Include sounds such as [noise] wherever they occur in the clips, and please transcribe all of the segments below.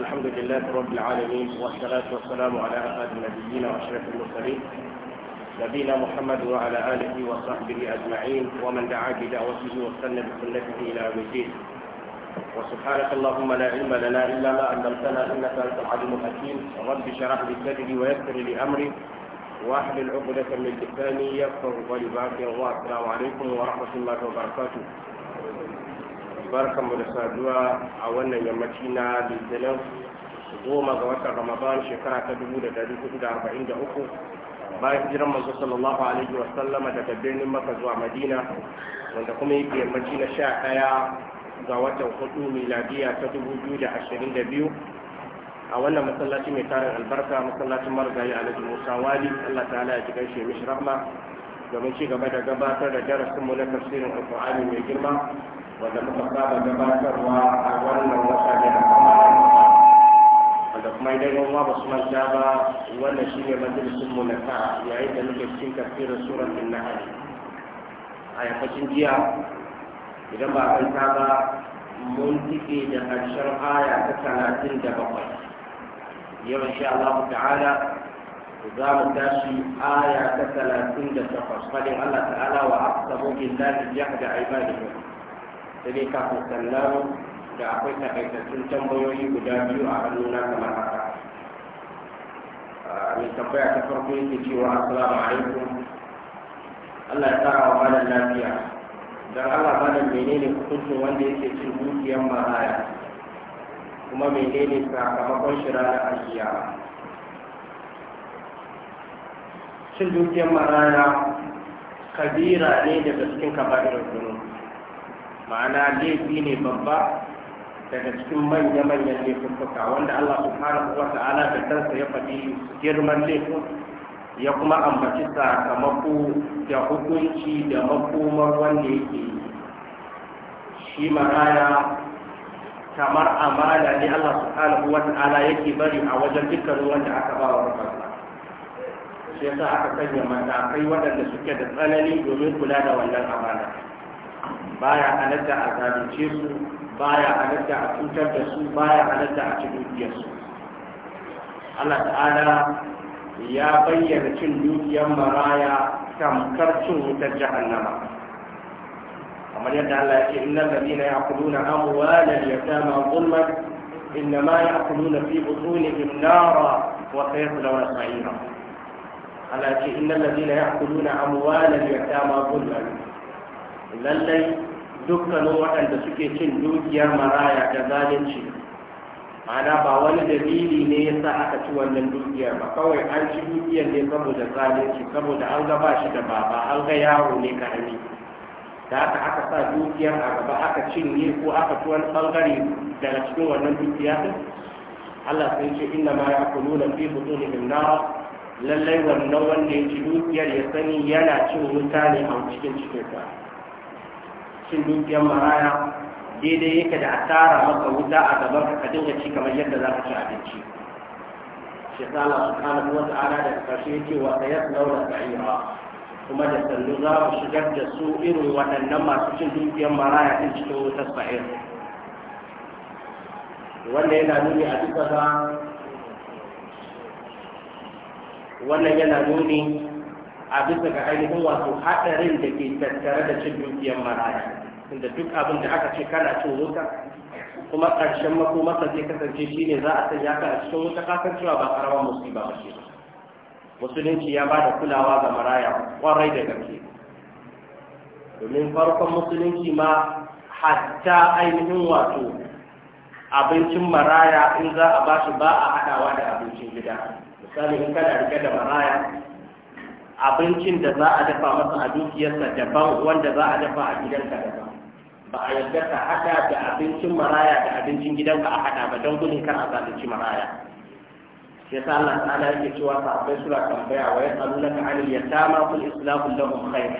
الحمد لله رب العالمين والصلاة والسلام على أسعد النبيين وأشرف المرسلين نبينا محمد وعلى آله وصحبه أجمعين ومن دعا بدعوته واستنى بسنته إلى يوم الدين وسبحانك اللهم لا علم لنا إلا ما علمتنا إنك أنت العليم الحكيم رب اشرح لي صدري ويسر لي أمري واحلل عقدة من لساني يفقه قولي باقي السلام عليكم ورحمة الله وبركاته barkanmu da saduwa a wannan yammaci na litinin goma ga watan ramadan shekara ta dubu da dari hudu da arba'in da uku bayan hijiran manzo sallallahu alaihi wa sallama daga birnin maka zuwa madina wanda kuma yake yammaci na sha ɗaya ga watan hudu miladiya ta dubu biyu da ashirin da biyu a wannan masallaci mai tarin albarka masallacin marigayi alhaji musa wali allah ta'ala ya ji gaishe mishi rahma domin ci gaba da gabatar da darasinmu na tafsirin alkur'ani mai girma wanda muka saba gabatarwa a wannan wata da kamar wanda kuma idan yan uwa ba su manta ba wannan shine majalisin mu na tara yayin da muke cikin tafsirin suratul nahl a yammacin jiya idan ba a kanta ba mun tike da ƙarshen aya ta talatin da bakwai yau insha Allah ta'ala za mu tashi aya ta talatin da takwas fadin Allah ta'ala wa aqsamu billahi jahda ibadihi sai dai kafin sannan da akwai takaitattun tambayoyi guda biyu a hannuna kamar haka ah, mai tambaya ta farko yake cewa assalamu alaikum Allah ya tsara wa malam lafiya dan Allah malam menene hukuncin wanda yake cin dukiyar mahaya kuma menene sakamakon shi ranar ajiya cin dukiyar maraya kabira ne daga cikin kaba'irin zunubi ma'ana laifi ne babba daga cikin manya-manyan laifuka wanda Allah subhanahu wa ta'ala da kansa ya faɗi girman laifin ya kuma ambaci sakamako da hukunci da makomar wanda yake shi ma'ana kamar amana ne Allah subhanahu wa ta'ala yake bari a wajen dukkanin wanda aka ba wa kansa shi yasa aka sanya matakai waɗanda suke da tsanani domin kula da wannan amana baya halatta a zalunce su baya halatta a cutar da su baya halatta a cikin su Allah ta'ala ya bayyana cin dukiyar maraya tamkar cin wutar jahannama kamar yadda Allah ya ce innal ladina ya'kuluna amwalal yatama zulman innama ya'kuluna fi butunihim nara wa sayaslawna sa'ira Allah ya ce innal ladina ya'kuluna amwalal yatama zulman lallai dukkanin waɗanda suke cin dukiyar maraya da zalunci ma'ana ba wani dalili ne ya sa aka ci wannan dukiyar ba kawai an ci dukiyar ne saboda zalunci saboda an ga shi da baba an ga yaro ne karami da aka aka sa dukiyar a gaba aka cinye ko aka ci wani ɓangare daga cikin wannan dukiya ɗin Allah sai ce inna ma na fi butunihim nar lallai wannan wanda ya ci dukiyar ya sani yana cin wuta ne a cikin cikinsa cin dukiyar maraya daidai yake da a tara maka wuta a gaban ka dinga ci kamar yadda za ka ci abinci shi su Allah subhanahu wa ta'ala da karshe yake wa sayasnauna sa'ira kuma da sannu za ku shigar da su irin waɗannan masu cin dukiyar maraya din cikin wutar sa'ir wannan yana nuni a duka ba, wannan yana nuni a bisa ga ainihin wato haɗarin da ke tattare da cin dukiyar maraya da duk abin da aka ce kana cin wuta kuma ƙarshen makomarsa zai kasance shi ne za a sanya ka a cikin wuta kasar cewa ba karamar musulma ba ce musulunci ya ba da kulawa ga maraya kwarai da gaske domin farkon musulunci ma hatta ainihin wato abincin maraya in za a ba shi ba a haɗawa da abincin gida misali in kana rike da maraya abincin da za a dafa masa a dukiyarsa daban wanda za a dafa a gidanka daban ba a yarda ka haɗa da abincin maraya da abincin gidanka a haɗa ba don gudun kar a zalunci maraya sai sa Allah ta'ala yake cewa sahabbai suna tambaya wa yas'alunaka 'anil yatama qul islahu lahum khair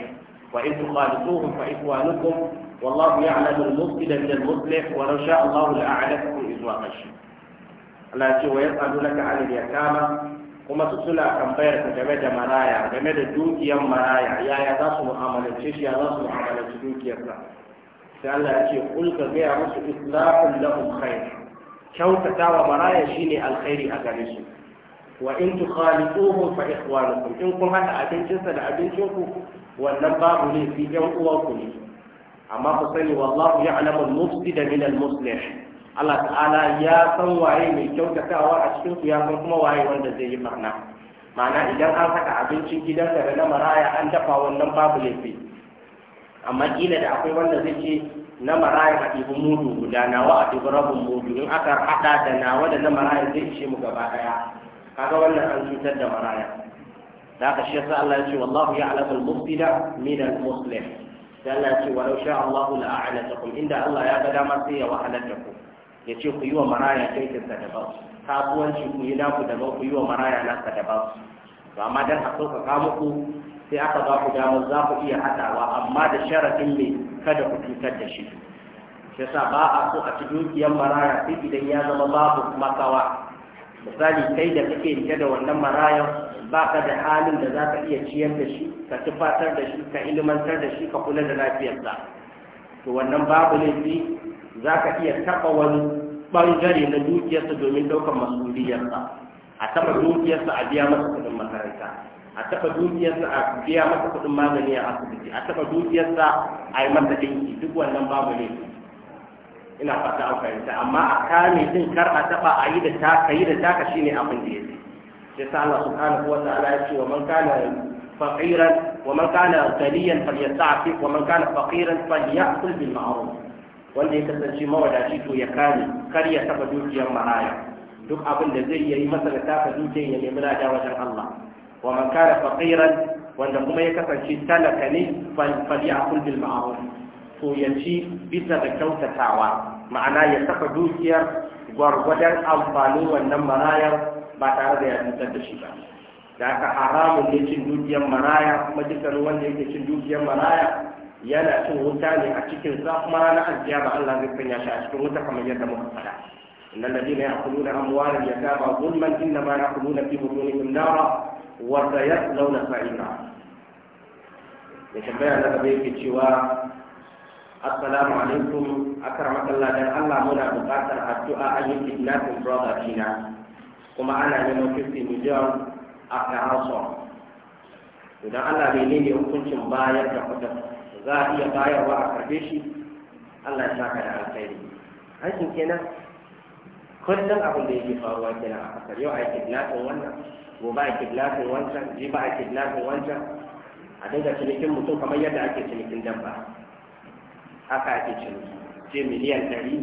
wa in tuqalituhum fa ikwanukum wallahu ya'lamu al-mufsida min al-muslih wa law sha'a Allah la'alakum izwa qashi Allah ya ce wa yas'alunaka 'anil yatama kuma su suna tambayar ka game da maraya game da dukiyar maraya yaya za su mu'amalance shi ya za su mu'amalance dukiyarsa sai Allah ya ce kulka gaya musu islahun lahum khair kyautata wa maraya shine alkhairi a gare su wa in tukhaliquhu fa ikhwanukum in kun hada abincinsa da ku? wannan babu ne fi yan ku ne amma ku sani wallahu ya'lamu al-mufsida min al-muslih Allah ta'ala ya san waye mai kyautatawa a cikin ku ya san kuma waye wanda zai yi ma'ana ma'ana idan an haka abincin gidan da na maraya an dafa wannan babu laifi amma kila da akwai wanda zai ce na maraya a ibu mudu guda nawa a ibu rabin mudu in aka haɗa da nawa da na maraya zai ce mu gaba ɗaya kaga wannan an cutar da maraya da aka shi yasa Allah ya ce wallahu ya'lamu al-mufsida min al-muslim da Allah ya ce walau sha Allah la a'latakum inda Allah ya ga dama sai ya wahalar da ku ya ce ku yi wa maraya kaikin da daban kasuwanci ku yi naku daban ku yi wa maraya naka daban to amma dan a sauƙaƙa muku sai aka ba ku damar za ku iya haɗawa amma da sharafin ne kada ku cutar da shi shi sa ba a so a ci dukiyar maraya sai idan ya zama babu makawa misali kai da kake rike da wannan marayan ba ka da halin da za ka iya ciyar da shi ka tufatar da shi ka ilimantar da shi ka kula da lafiyarsa to wannan babu laifi za ka iya taɓa wani ɓangare na dukiyarsa domin ɗaukar masuliyarsa a taɓa dukiyarsa a biya masa kuɗin makaranta a taɓa dukiyarsa a biya masa kuɗin magani a asibiti a taɓa dukiyarsa a yi masa ɗinki duk wannan babu ne ina fata an fahimta amma a kame din kar a taɓa a yi da taka yi da taka shine abin da yake sai sa Allah subhanahu wa ta'ala ya ce wa man kana faqiran wa man kana ghaniyan falyasta'fi wa man kana faqiran falyakul bil ma'ruf wanda ya kasance mawadaci to ya kame kar ya taɓa dukiyar maraya duk abin da zai yi masa da taka dukiyar ya nemi lada wajen Allah wa man kana faqiran wanda kuma ya kasance talaka ne falyakul bil ma'ruf to ya ci bisa da kyautatawa ma'ana ya saka dukiyar gwargwadon amfanin wannan marayar ba tare da ya cutar da shi ba da aka haramun ne cin dukiyar maraya kuma dukkan wanda yake cin dukiyar maraya yana cin wuta ne a cikin sa kuma ranar ajiya ba Allah zai sanya shi a cikin wuta kamar yadda muka faɗa إن الذين يأكلون أموال اليتامى ظلما إنما يأكلون في بطونهم نارا وسيصلون سعيرا ya tambaya na gaba yake cewa assalamu alaikum akramakallah dan Allah muna buƙatar addu'a an yi kidnapping brother dina kuma ana neman 50 million a Karanso idan Allah bai ne hukuncin bayar da kudin za a iya bayarwa a karbe shi Allah ya saka da alkhairi aikin kenan kullum abin da yake faruwa kenan a kasar yau a yi kidnapping wannan gobe a kidnapping wancan jiba a kidnapping wancan a dinga cinikin mutum kamar yadda ake cinikin dabba haka ake ciniki ce miliyan ɗari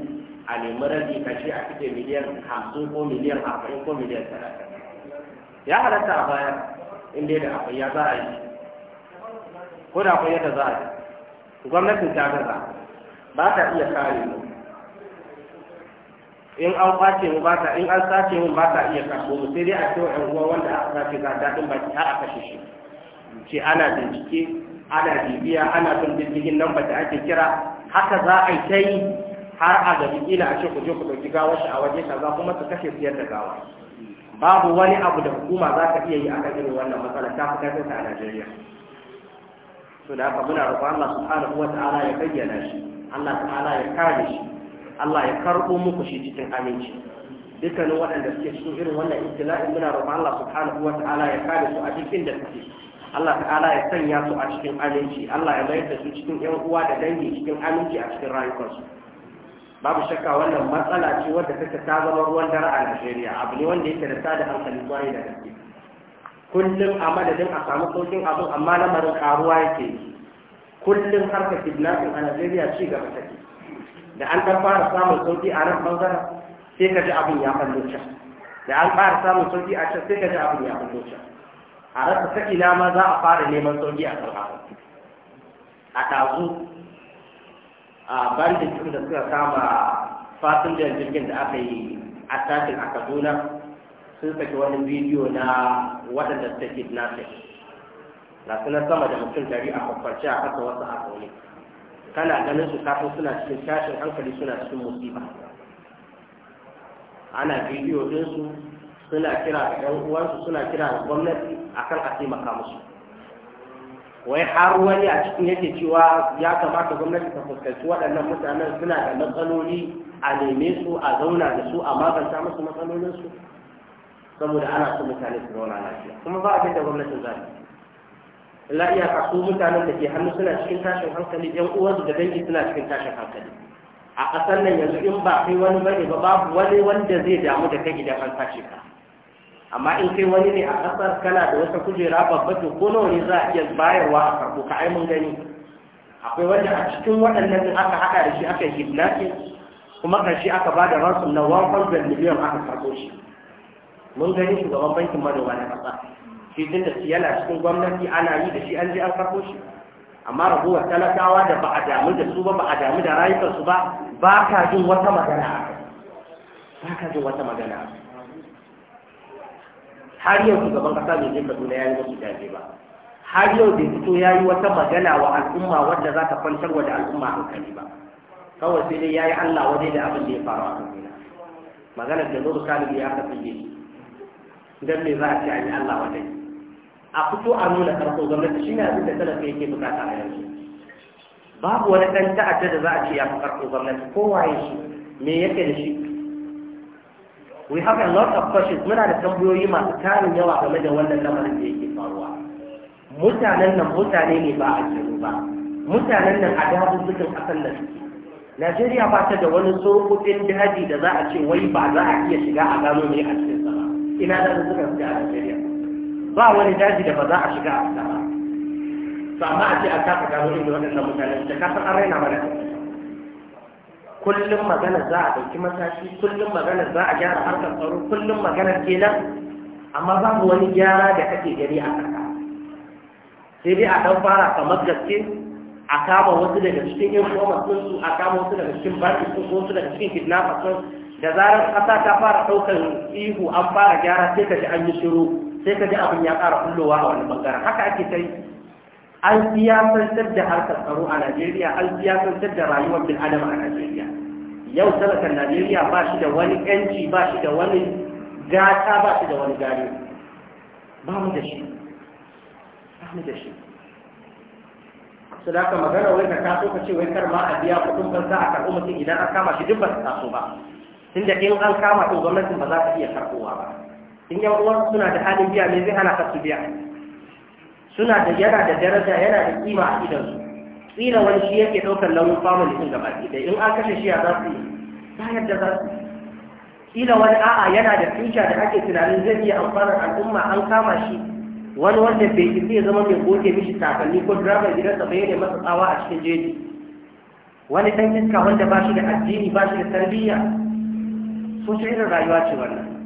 a nemi rabi kashe a fice miliyan hamsin ko miliyan arba'in ko miliyan talatin ya halatta a baya inda da akwai ya za a yi ko da akwai yadda za a yi gwamnatin ta gaza ba ta iya kare mu in an kwace mu ba ta in an sace mu ba ta iya kaso mu sai dai a ce wa uwa wanda aka sace a daɗin baki har a kashe shi ce ana bincike ana bibiya ana bin diddigin nan ba da ake kira haka za a yi ta yi har a gabi kila a ce ku je ku ɗauki gawar shi a waje za kuma su kashe siyar da gawa babu wani abu da hukuma za ka iya yi a kan irin wannan matsalar ta fi karfin a Najeriya. To da haka muna roƙon Allah subhanahu wa ta'ala ya bayyana shi, Allah ta'ala ya kare shi, Allah ya karɓo muku shi cikin aminci dukkanin waɗanda suke cikin irin wannan ibtila'i muna roƙon Allah subhanahu wa ta'ala ya kare su a cikin da suke Allah ta'ala ya sanya su a cikin aminci Allah ya mayar da su cikin ƴan uwa da dangi cikin aminci a cikin rayukansu babu shakka wannan matsala ce wadda take ta zama ruwan dare a Najeriya abu ne wanda yake da tada hankali kwarai da gaske kullum a madadin a samu sauƙin abin amma lamarin karuwa yake kullum harka kidnapping a Najeriya ci gaba take da an ɗan fara samun sauƙi a nan ɓangaren sai ka ji abin ya fallo can da an fara samun sauƙi a can sai ka ji abin ya fallo can a rasa ta ina ma za a fara neman sauƙi a kan a ɗazu a tun da suka kama fasinjan jirgin da aka yi a tashin a kaduna sun saki wani bidiyo na waɗanda suke kidnapping na suna sama da mutum dari a kwakwarce a kasa wasu a kaune. kana ganin su kafin suna cikin tashin hankali suna cikin musiba ana bidiyo ɗinsu suna kira da ɗan uwansu suna kira da gwamnati akan a taimaka musu wai har wani a cikin yake cewa ya kamata gwamnati ta fuskanci waɗannan mutanen suna da matsaloli a neme su a zauna da su a magance musu matsalolinsu saboda ana so mutane su zauna lafiya kuma ba a da gwamnatin zafi la iya kasu mutanen da ke hannu suna cikin tashin hankali yan uwansu da dangi suna cikin tashin hankali a ƙasar nan yanzu in ba kai wani bane ba babu wani wanda zai damu da kai idan an tashi ka amma in kai wani ne a ƙasar kana da wata kujera babba to ko nawa ne za a iya bayarwa a karɓo ka ai mun gani akwai wanda a cikin waɗannan din aka haɗa da shi aka yi kidnapping kuma ƙarshe aka ba da ransom na 100 miliyan aka karɓo shi mun gani shugaban bankin manoma na ƙasa shi din da yana cikin gwamnati ana yi da shi an ji an farko shi amma raguwar talakawa da ba a damu da su ba ba a damu da rayukansu ba ba ka jin wata magana ba ka jin wata magana har yau shugaban kasa mai je kaduna ya yi wasu jaje ba har yau da fito ya yi wata magana wa al'umma wadda za ta kwantar wa da al'umma hankali ba kawai sai dai ya yi allah waje da abin da ya faru a kaduna maganar da nuru kalibi ya kafa yi don me za a ce a yi allah waje a fito a nuna karfo gwamnati shi ne abin da talaka yake bukata a yanzu babu wani ɗan ta'adda da za a ce ya fi karfo gwamnati kowa ya shi me yake da shi we have a lot of questions muna da tambayoyi masu tarin yawa game da wannan lamarin da yake faruwa mutanen nan mutane ne ba a jiru ba mutanen nan a dazuzzukan akan da suke Najeriya ba ta da wani tsofaffin daji da za a ce wai ba za a iya shiga a gano mai a cikin sama ina da zuzzukan suke a Najeriya ba wani daji da ba za a shiga a tsara ba to amma a ce a kafa gano inda waɗannan mutane da kasan an raina mana kullum magana za a ɗauki matashi kullum magana za a gyara harkar tsaro kullum magana kenan amma babu wani gyara da kake gari a ƙasa sai dai a ɗan fara kamar gaske a kama wasu daga cikin yin sun su a kama wasu daga cikin barki sun wasu daga cikin kidnappers sun da zarar ƙasa ta fara ɗaukar ihu an fara gyara sai ka ji an yi shiru sai ka ji abin ya ƙara kullowa a wani bangaren haka ake sai an siyasantar da harkar tsaro a Najeriya an siyasantar da rayuwar bin adam a Najeriya yau talakan Najeriya ba shi da wani yanci ba shi da wani gata ba shi da wani gari ba mu da shi ba mu da shi su da ka magana wai ka taso ka ce wai kar ma a biya kuɗin banza a karɓi mutum idan an kama shi duk ba su taso ba da in an kama to gwamnatin ba za ta iya karɓowa ba in yan uwan suna da halin biya ne, zai hana kasu su biya suna da yana da daraja yana da kima a idan su tsira wani shi yake ɗaukar launin family din gaba Da in an kashe shi a za su yi bayar da za su tsira wani a'a yana da tusha da ake tunanin zai iya amfanar al'umma an kama shi wani wanda bai yi ya zama mai goge mishi takalmi ko driver gidan bai ne masa tsawa a cikin jeji wani dan iska wanda ba shi da addini ba shi da tarbiyya so shi irin rayuwa ce wannan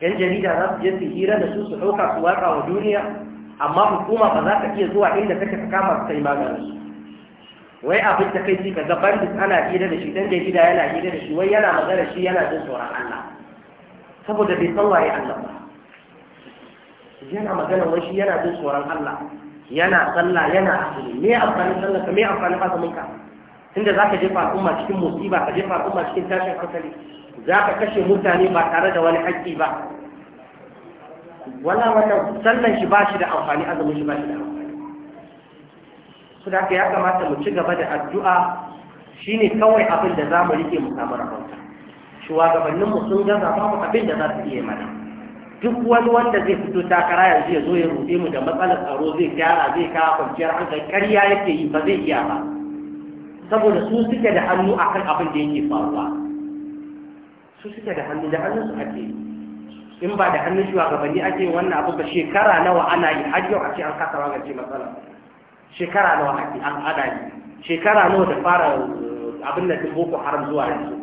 yan jarida za su je su hira da su su ɗauka su watsa wa duniya amma hukuma ba za ta iya zuwa inda take ka kama su kai maganin su wai abin da kai ci ka gaban duk ana hira da shi dan jarida yana hira da shi wai yana magana shi yana jin tsoron Allah saboda bai san waye Allah ba yana magana wai shi yana jin tsoron Allah yana sallah yana azumi me amfanin sallah ka me amfanin azumin ka tunda zaka jefa al'umma cikin musiba ka jefa al'umma cikin tashin hankali za ka kashe mutane ba tare da wani haƙƙi ba wala wannan sallan shi ba shi da amfani azumin shi ba shi da amfani su da ya kamata mu ci gaba da addu'a shi ne kawai abin da za mu rike mu samu rahota shugabanninmu sun gaza babu abin da za su iya mana duk wani wanda zai fito takara yanzu ya zo ya rufe mu da matsalar tsaro zai gyara zai kawo kwanciyar hankali ƙarya yake yi ba zai iya ba saboda su suke da hannu akan abin da yake faruwa su suke da hannu da hannun su ake in ba da hannun shugabanni ake wannan abu ba shekara nawa ana yi har yau a ce an kasa magance matsala shekara nawa ake an ada yi shekara nawa da fara eh, abin da boko haram zuwa yanzu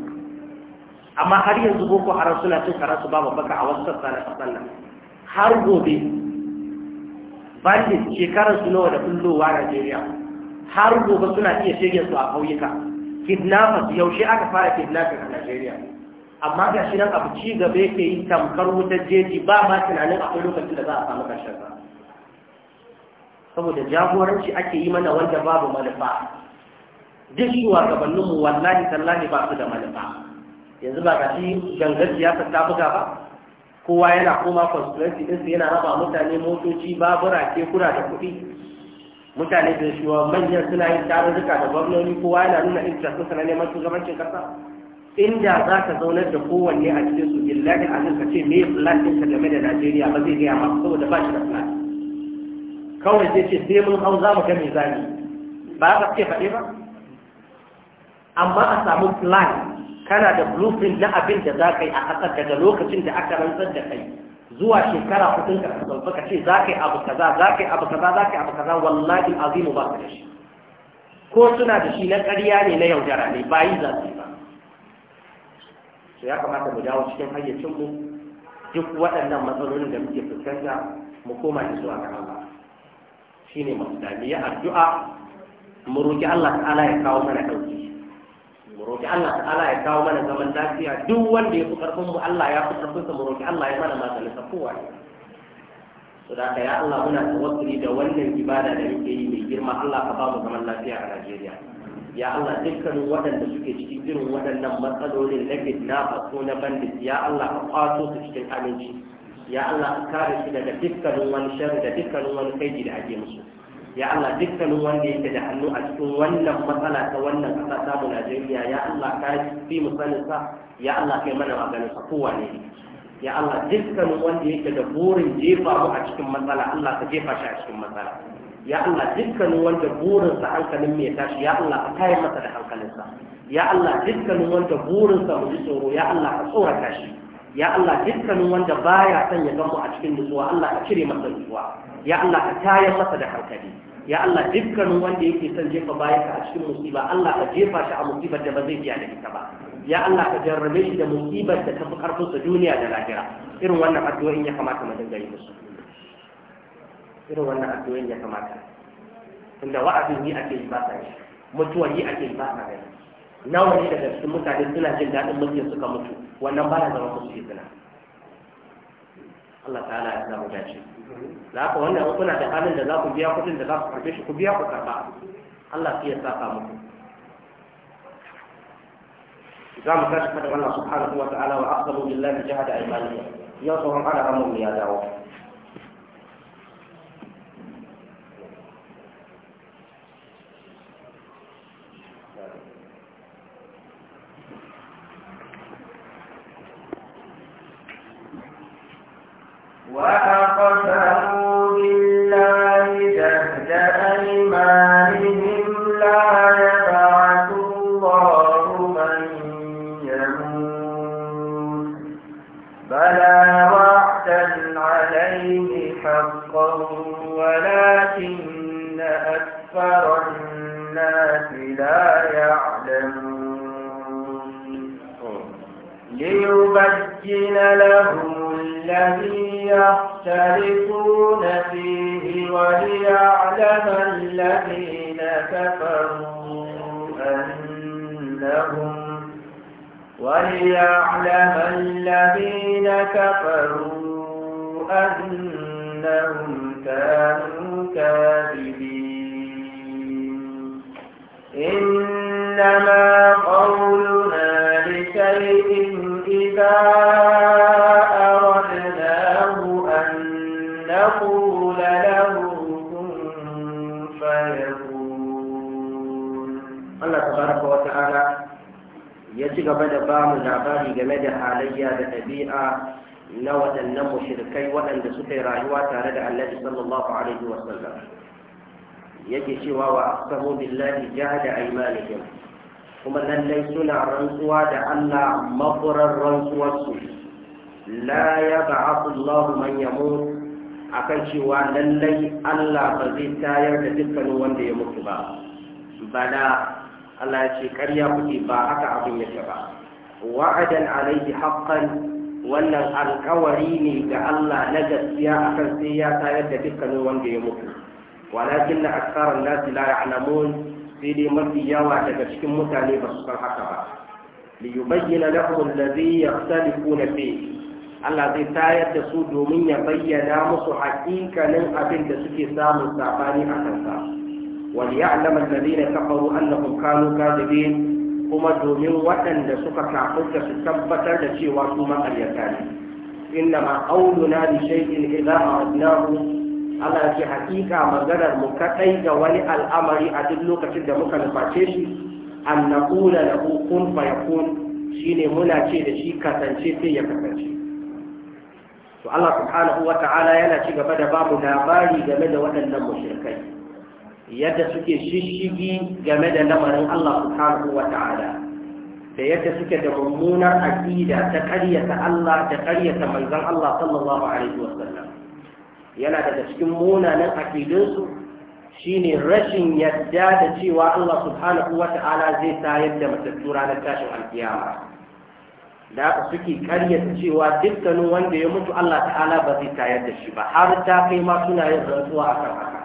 amma har yanzu boko haram suna cin karansu babu baka a wasu sassa na kasan nan har gobe bandit shekarar su nawa da kullowa Najeriya har gobe suna iya shege su a kauyuka kidnappers yaushe aka fara kidnapping a Najeriya amma ga shi nan abu ci gaba yake yi tamkar wutar jeji ba ma tunanin akwai lokacin da za a samu ƙarshen ba saboda jagoranci ake yi mana wanda babu manufa duk gabaninmu wallahi tallahi ba su da manufa yanzu ba ga shi gangar siyasa ta buga ba kowa yana koma constituency su yana raba mutane motoci babura kekuna da kuɗi mutane da shuwa manyan suna yin tarurruka da gwamnoni kowa yana nuna interest na neman shugabancin ƙasa inda za ka zaunar da kowanne a cikin su billahi a ka ce me plan ɗinka game da Najeriya ba zai gaya maka saboda ba shi da plan kawai zai ce sai mun hau za mu ga me zani ba ka ce faɗi ba amma a samu plan kana da blueprint na abin da za ka yi a ƙasar daga lokacin da aka rantsar da kai zuwa shekara hudun ka sauka ka ce za ka yi abu kaza za ka yi abu kaza za ka yi abu kaza wallahi azimu ba ka da shi ko suna da shi na ƙarya ne na yaudara ne bayi za su yi so ya kamata mu dawo cikin hayyacinmu duk waɗannan matsalolin da muke fuskanta mu koma da su a ga Allah shine masu mu yi addu'a mu roki Allah ta'ala ya kawo mana dauki mu roki Allah ta'ala ya kawo mana zaman lafiya duk wanda ya fi karfin mu Allah ya fi karfin sa mu roki Allah ya mana maganin sa kowa to da ya Allah muna tawassuli da wannan ibada da muke yi mai girma Allah ka ba mu zaman lafiya a Najeriya ya Allah dukkanin waɗanda suke cikin irin waɗannan matsalolin na kidnapper ko na bandit ya Allah ka kwaso su cikin aminci ya Allah ka kare su daga dukkanin wani sharri da dukkanin wani kai da ake musu ya Allah dukkanin wanda yake da hannu a cikin wannan matsala ta wannan ƙasa ta Najeriya ya Allah ka fi mu sanin sa ya Allah kai mana maganin sa kowane ya Allah dukkanin wanda yake da burin jefa mu a cikin matsala Allah ka jefa shi a cikin matsala ya Allah dukkanin wanda burinsa hankalin mai tashi ya Allah ka tayar masa da hankalinsa ya Allah dukkanin wanda burinsa mu ji tsoro ya Allah ka tsorata shi ya Allah dukkanin wanda baya son ya gamu a cikin nutsuwa Allah ka cire masa nutsuwa ya Allah ka tayar masa da hankali ya Allah dukkanin wanda yake son jefa baya ka a cikin musiba Allah ka jefa shi a musibar da ba zai iya da ita ba ya Allah ka jarrabe shi da musibar da tafi fi sa duniya da lahira irin wannan addu'o'in ya kamata mu dinga yi musu irin wannan addu'o'in ya kamata tunda wa'azin yi ake yi ba sa yi mutuwar yi ake yi ba sa gani nawa ne daga cikin mutane suna jin daɗin mutum suka mutu wannan ba na zama musu suna Allah ta'ala ya samu dace da haka wannan kuna da halin da za ku biya kuɗin da za ku karɓe shi ku biya ku karɓa Allah sai ya saka muku za mu tashi kada Allah subhanahu wa ta'ala wa aqsamu billahi jahada aymanihim yau tsohon ana ramun ya dawo بالله جهد أيمانهم لا يبعث الله من يموت عليه حقا ولكن أكثر الناس لا يعلمون ليبجن لهم الذي يختلفون فيه وليعلم الذين كفروا أنهم وليعلم الذين كفروا أنهم كانوا كاذبين إنما قولنا لشيء إذا ci gaba da ba labari game da halayya da ɗabi'a na waɗannan mushrikai waɗanda suka yi rayuwa tare da annabi sallallahu alaihi wasallam yake cewa wa aqsamu billahi jahada aymanihim kuma lallai suna rantsuwa da Allah mafurar rantsuwarsu la yab'athu Allahu man yamut akan cewa lallai Allah ba zai tayar da dukkanin wanda ya mutu ba bala Allah ya ce ƙarya kuke ba haka abin yake ba wa'adan alaihi haqqan wannan alkawari ne ga Allah na gaskiya akan sai ya tayar da dukkanin wanda ya mutu walakin na aksarar nasi la ya'lamun sai dai mafi yawa daga cikin mutane ba su san haka ba li yubayyana lahum alladhi yakhtalifuna fi Allah zai tayar da su domin ya bayyana musu hakikanin abin da suke samun sabani a kansa وليعلم الذين كفروا أنهم كانوا كاذبين kuma domin waɗanda suka kafurta su tabbatar da cewa su makaryata ne inda ma auluna bi shay'in idza aradnahu Allah ya hakika maganar mu kadai ga wani al'amari a duk lokacin da muka nuface shi an naqula lahu kun fayakun shine muna ce da shi kasance sai ya kasance to Allah subhanahu wata'ala yana ci gaba da babu labari game da waɗannan mushrikai yadda suke shishigi game da lamarin Allah subhanahu wa ta'ala da yadda suke da mummunar aƙida ta ƙaryata Allah da ƙaryata manzon Allah sallallahu alaihi wa sallam yana daga cikin munanan shi shine rashin yadda da cewa Allah subhanahu wa ta'ala zai tayar da matattu ranar tashin alkiyama da aka suke karyata cewa dukkanin wanda ya mutu Allah ta'ala ba zai tayar da shi ba har ta kai ma suna yin rantsuwa akan haka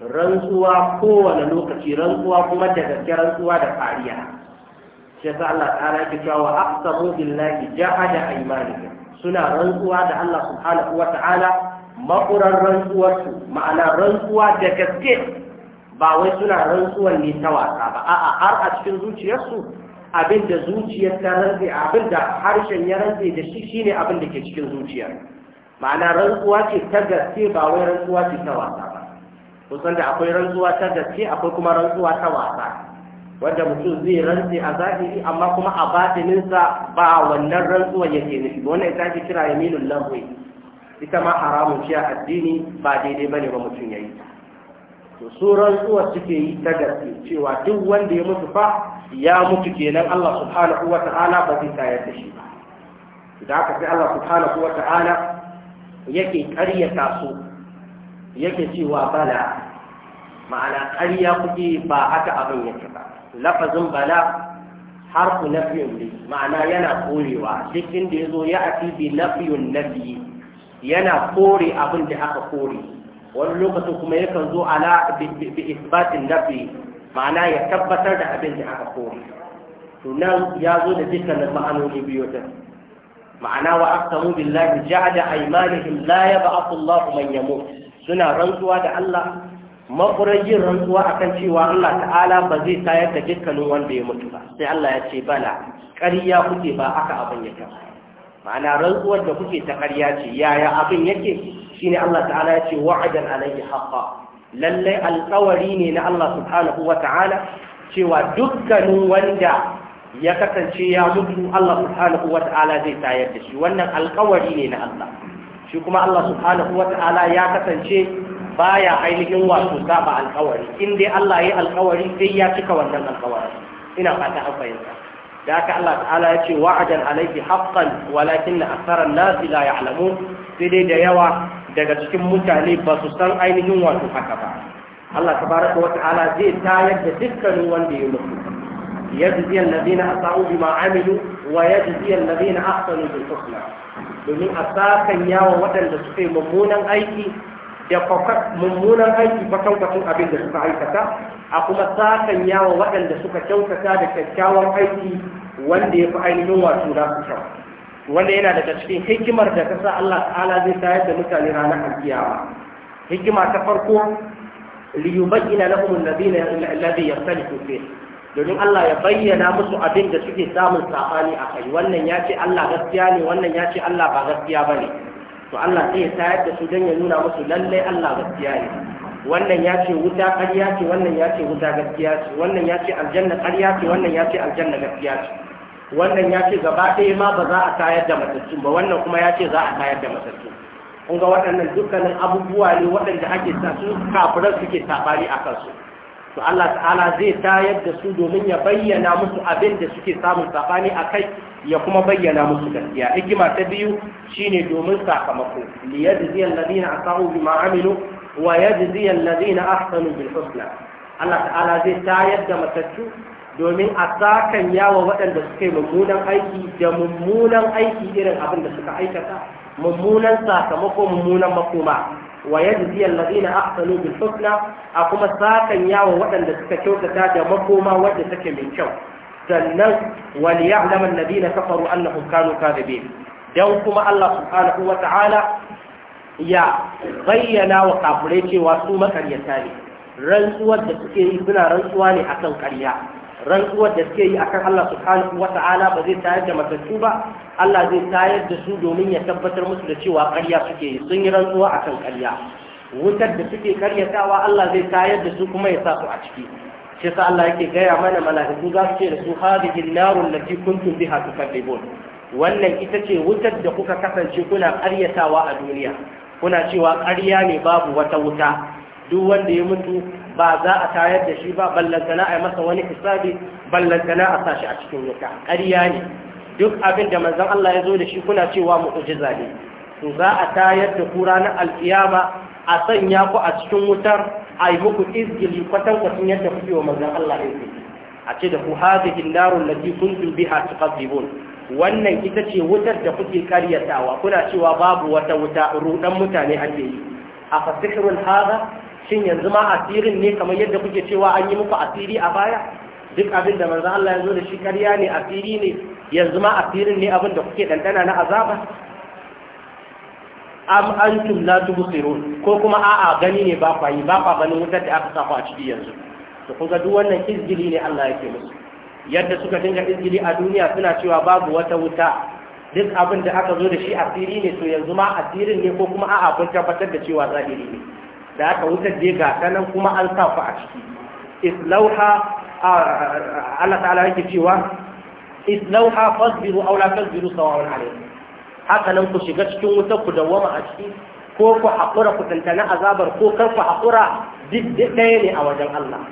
rantsuwa kowane lokaci rantsuwa kuma da gaske rantsuwa da fariya shi yasa Allah ta'ala yake cewa wa aqsamu billahi jahada aymanihim suna rantsuwa da Allah subhanahu wa ta'ala makurar rantsuwarsu ma'ana rantsuwa da gaske ba wai suna rantsuwar ne ta wasa ba a'a har a cikin zuciyarsu abin da zuciyar ta rantse abin da harshen ya rantse da shi shine abin da ke cikin zuciyar ma'ana rantsuwa ce ta gaske ba wai rantsuwa ce ta wasa kusan da akwai rantsuwa ta gaske akwai kuma rantsuwa ta wasa wanda mutum zai rantsi a zahiri amma kuma a batininsa ba wannan rantsuwa yake nufi wannan ita ake kira yaminul lambai ita ma haramun shi a addini ba daidai bane ba mutum ya yayi to su rantsuwa suke yi ta gaske cewa duk wanda ya mutu fa ya mutu kenan Allah subhanahu wa ta'ala ba zai tayar da shi ba da aka sai Allah subhanahu wa ta'ala yake ƙaryata su yake cewa bala ma'ana ƙarya kuke ba haka abin yake ba lafazin bala harfu nafiyun ne ma'ana yana korewa duk inda ya zo ya ati bi nafiyun nafiyi yana kore abin da aka kore wani lokacin kuma yakan zo ala bi isbatin nafi ma'ana ya tabbatar da abin da aka kore to nan ya zo da dukkanin ma'anoni biyu din ma'ana wa aqsamu billahi ja'ala aymanihim la yab'athu Allahu man yamut suna rantsuwa da Allah makurar yin rantsuwa akan cewa Allah ta'ala ba zai tayar da dukkanin wanda ya mutu ba sai Allah ya ce bala ƙarya kuke ba aka abin ya kama ma'ana rantsuwar da kuke ta ƙarya ce yaya abin yake shine Allah ta'ala ya ce wa'adan alayhi haqqa lallai alƙawari ne na Allah subhanahu wa ta'ala cewa dukkanin wanda ya kasance ya mutu Allah subhanahu wa ta'ala zai tayar da shi wannan alƙawari ne na Allah shi kuma Allah subhanahu ta'ala ya kasance baya ainihin wato saba alkawari in dai Allah ya alkawari sai ya cika wannan alkawari ina fata an fahimta da haka Allah ta'ala ya ce wa'adan alayhi haqqan walakin aktharan nas la ya'lamun sai dai da yawa daga cikin mutane ba su san ainihin wato haka ba Allah tabaraka wa ta'ala zai tayar da dukkanin wanda ya mutu yajzi alladhina asau bima amilu wa yajzi alladhina ahsanu bil husna domin a sakan yawon waɗanda suka yi mummunan aiki da mummunan aiki kwatankwacin abin da suka aikata a kuma sakan yawon waɗanda suka kyautata da kyakkyawan aiki wanda ya fi ainihin wato na su kyau wanda yana daga cikin hikimar da ta sa Allah ta'ala zai tayar da mutane ranar alkiyama hikima ta farko liyubayyana lahum alladhina alladhi yastalifu fihi domin Allah ya bayyana musu abin da suke samun saɓani a kai wannan ya ce Allah gaskiya ne wannan ya ce Allah ba gaskiya ba ne to Allah sai ya tayar da su don ya nuna musu lallai Allah gaskiya ne wannan ya ce wuta ƙarya ce wannan ya ce wuta gaskiya ce wannan ya ce aljanna ƙarya ce wannan ya ce aljanna gaskiya ce wannan ya ce gaba ɗaya ma ba za a tayar da matattu ba wannan kuma ya ce za a tayar da matattu kun ga waɗannan dukkanin abubuwa ne waɗanda ake sa su kafiran suke saɓani a kansu to Allah ta'ala zai tayar da su domin ya bayyana musu abin da suke samun sabani a kai ya kuma bayyana musu gaskiya hikima ta biyu shine domin sakamako liyajzi alladhina asau bima amilu wa yajzi alladhina ahsanu bil husna Allah ta'ala zai tayar da matattu domin a sakan yawa waɗanda suka yi mummunan aiki da mummunan aiki irin abin da suka aikata mummunan sakamako mummunan makoma wa yajzi alladhina ahsanu bil husna a kuma sakan yawo waɗanda suka kyautata da makoma wadda take mai kyau sannan wal ya'lamu alladhina kafaru annahum kanu kadhibin dan kuma Allah subhanahu wa ta'ala ya bayyana wa kafirai cewa su makaryata ne rantsuwar da suke yi suna rantsuwa ne akan karya rantsuwar da suke yi akan Allah subhanahu wa ta'ala ba zai tayar da matattu ba Allah zai tayar da su domin ya tabbatar musu da cewa ƙarya suke yi sun yi rantsuwa akan ƙarya wutar da suke karyatawa Allah zai tayar da su kuma ya sa su a ciki shi yasa Allah yake gaya mana mala'iku za su ce da su hadhihi an-narun lati kuntum biha tukadzibun wannan ita ce wutar da kuka kasance kuna karyatawa a duniya kuna cewa ƙarya ne babu wata wuta duk wanda ya mutu ba za a tayar da shi ba ballantana a yi masa wani hisabi ballantana a sashi a cikin wuta ƙariya ne duk abin da manzon Allah ya zo da shi kuna cewa mu'jiza zabe to za a tayar da ku ranar alkiyama a sanya ku a cikin wutar a yi muku izgili kwatan yadda kuke wa manzon Allah zo a ce da ku hadhihi an-naru lati kuntum biha tuqadhibun wannan ita ce wutar da kuke karyatawa kuna cewa babu wata wuta rudan mutane ake yi a fasihrun hada shin yanzu ma asirin ne kamar yadda kuke cewa an yi muku asiri a baya duk abin da manzo Allah ya zo da shi ƙarya ne asiri ne yanzu ma asirin ne abin da kuke dandana na azaba am antum la tubsirun ko kuma a'a gani ne ba kwayi ba kwa ganin wutar da aka saka a ciki yanzu to kun ga duk wannan izgili ne Allah yake musu yadda suka dinga izgili a duniya suna cewa babu wata wuta duk abin da aka zo da shi asiri ne to yanzu ma asirin ne ko kuma a'a kun tabbatar da cewa zahiri ne da aka wutar je ga sanan kuma an sa ku a ciki islauha Allah ta'ala yake cewa islauha fasbiru aw la tasbiru sawa'un alaykum haka nan ku shiga cikin wutar ku dawwama a ciki ko ku haƙura ku tantana azabar ko kar ku haƙura duk ɗaya ne a wajen Allah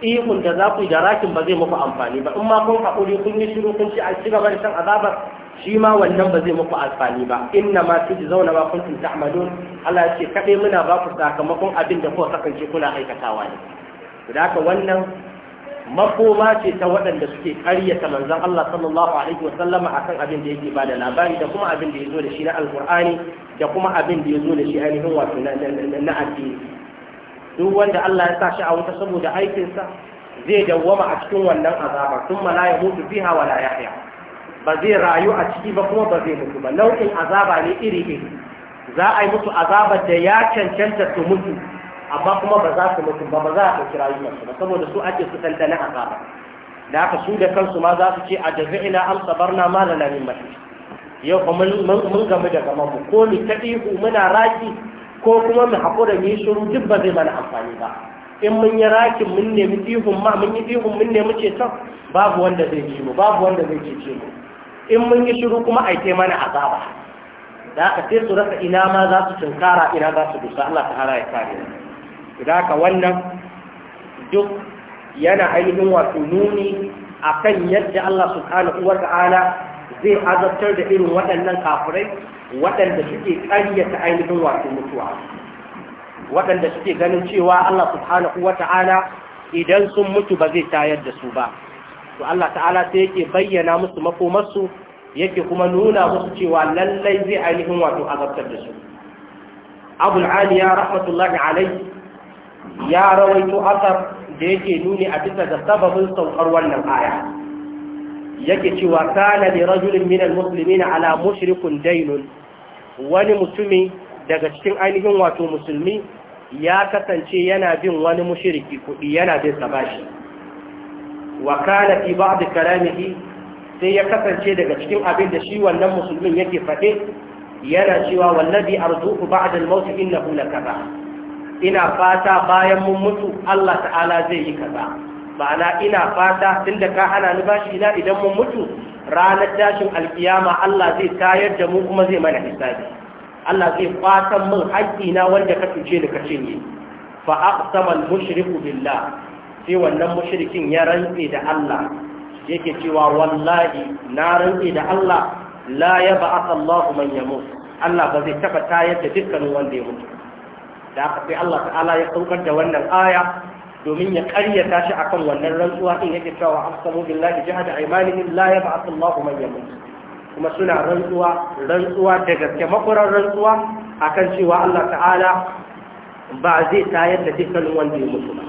ihun da za ku yi da rakin ba zai muku amfani ba in ma kun haƙuri kun yi shiru kun ci a ci gaba da shan azabar shi ma wannan ba zai muku alfani ba inna ma tujzauna ma kuntum ta'malun Allah ya ce kade muna ba ku sakamakon abin da kuka kasance kuna aikatawa ne da haka wannan makoma ce ta waɗanda suke ƙaryata manzon Allah sallallahu alaihi wa sallama akan abin da yake bada labari da kuma abin da yazo da shi na alqur'ani da kuma abin da yazo da shi ainihin wato na addini duk wanda Allah ya sa shi a wuta saboda aikinsa zai dawwama a cikin wannan azaba thumma ya yamutu fiha wala yaya. yahya ba zai rayu a ciki ba kuma ba zai mutu ba nau'in azaba ne iri iri za a yi mutu azabar da ya cancanta su mutu amma kuma ba za su mutu ba ba za a ɗauki rayuwarsu ba saboda su ake su tantana azaba da haka su da kansu ma za su ce a an sabar na ma lana min mace yau fa mun gamu da gama mu ko mu ta ihu muna raki ko kuma mu haƙura mu yi shiru duk ba zai mana amfani ba in mun yi rakin mun nemi ihun ma mun yi ihun mun nemi ceton babu wanda zai ce mu babu wanda zai ce mu in mun yi shiru kuma a mana azaba da aka ce su rasa ina ma za su tunkara ina za su dusa Allah ta'ala ya kare mu da haka wannan duk yana ainihin wato nuni akan yadda Allah subhanahu wa ta'ala zai azabtar da irin waɗannan kafirai waɗanda suke ƙaryata ainihin wato mutuwa waɗanda suke ganin cewa Allah subhanahu wa ta'ala idan sun mutu ba zai tayar da su ba to Allah ta'ala sai yake bayyana musu makomarsu yake kuma nuna musu cewa lallai zai ainihin wato azabtar da su abul ya rahmatullahi alai ya rawaito asar da yake nuni a bisa da sababin saukar wannan aya yake cewa kana li rajulin min muslimin ala mushrikun wani mutumi daga cikin ainihin wato musulmi ya kasance yana bin wani mushriki kudi yana bin sabashi wa kana fi ba'd kalamihi sai ya kasance daga cikin abin da shi wannan musulmin yake faɗe yana cewa wallazi arzuku ba'da al-maut innahu lakaza ina fata bayan mun mutu Allah ta'ala zai yi kaza ma'ana ina fata tunda ka hana ni bashi na idan mun mutu ranar tashin alkiyama Allah zai tayar da mu kuma zai mana hisabi Allah zai kwatan min haƙƙina na wanda ka tuce ni ka cinye fa aqsama al-mushriku billah sai wannan mushrikin ya rantse da Allah yake cewa wallahi na rantse da Allah la yab'ath Allahu man yamut Allah ba zai taba tayar da dukkanin wanda ya mutu da aka sai Allah ta'ala ya saukar da wannan aya domin ya karyata shi akan wannan rantsuwa din yake cewa aqsamu billahi jahada aymanihim la yab'ath Allahu man yamut kuma suna rantsuwa rantsuwa da gaske makurar rantsuwa akan cewa Allah ta'ala ba zai tayar da dukkanin wanda ya mutu ba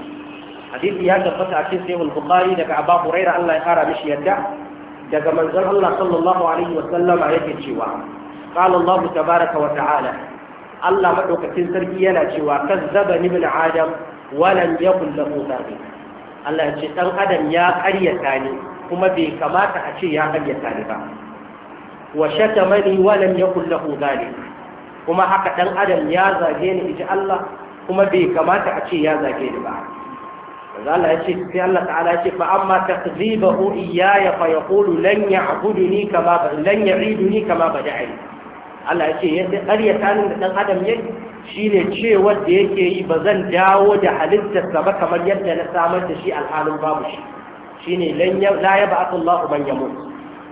hadisi ya tabbata a cikin sahih bukhari daga abu hurairah Allah ya kara mishi yadda daga manzon Allah sallallahu alaihi wa sallama yake cewa qala Allah tabaaraka wa ta'ala Allah madaukakin sarki yana cewa kazzaba ibn adam wa lam yakul lahu sabi Allah ya ce dan adam ya karyata ni kuma bai kamata a ce ya karyata ni ba wa shatamani wa lam yakul lahu dhalik kuma haka dan adam ya zage ni inji Allah kuma bai kamata a ce ya zage ni ba manzo Allah ya ce sai Allah ta'ala ya ce fa amma takdhibahu iyaya fa yaqulu lan ya'buduni kama lan ya'iduni kama bada'ani Allah ya ce yadda ƙarya tanin da dan adam yake shine cewa da yake yi ba zan dawo da halitta ba kamar yadda na samar da shi alhalin babu shi shine lan la yab'athu Allahu man yamut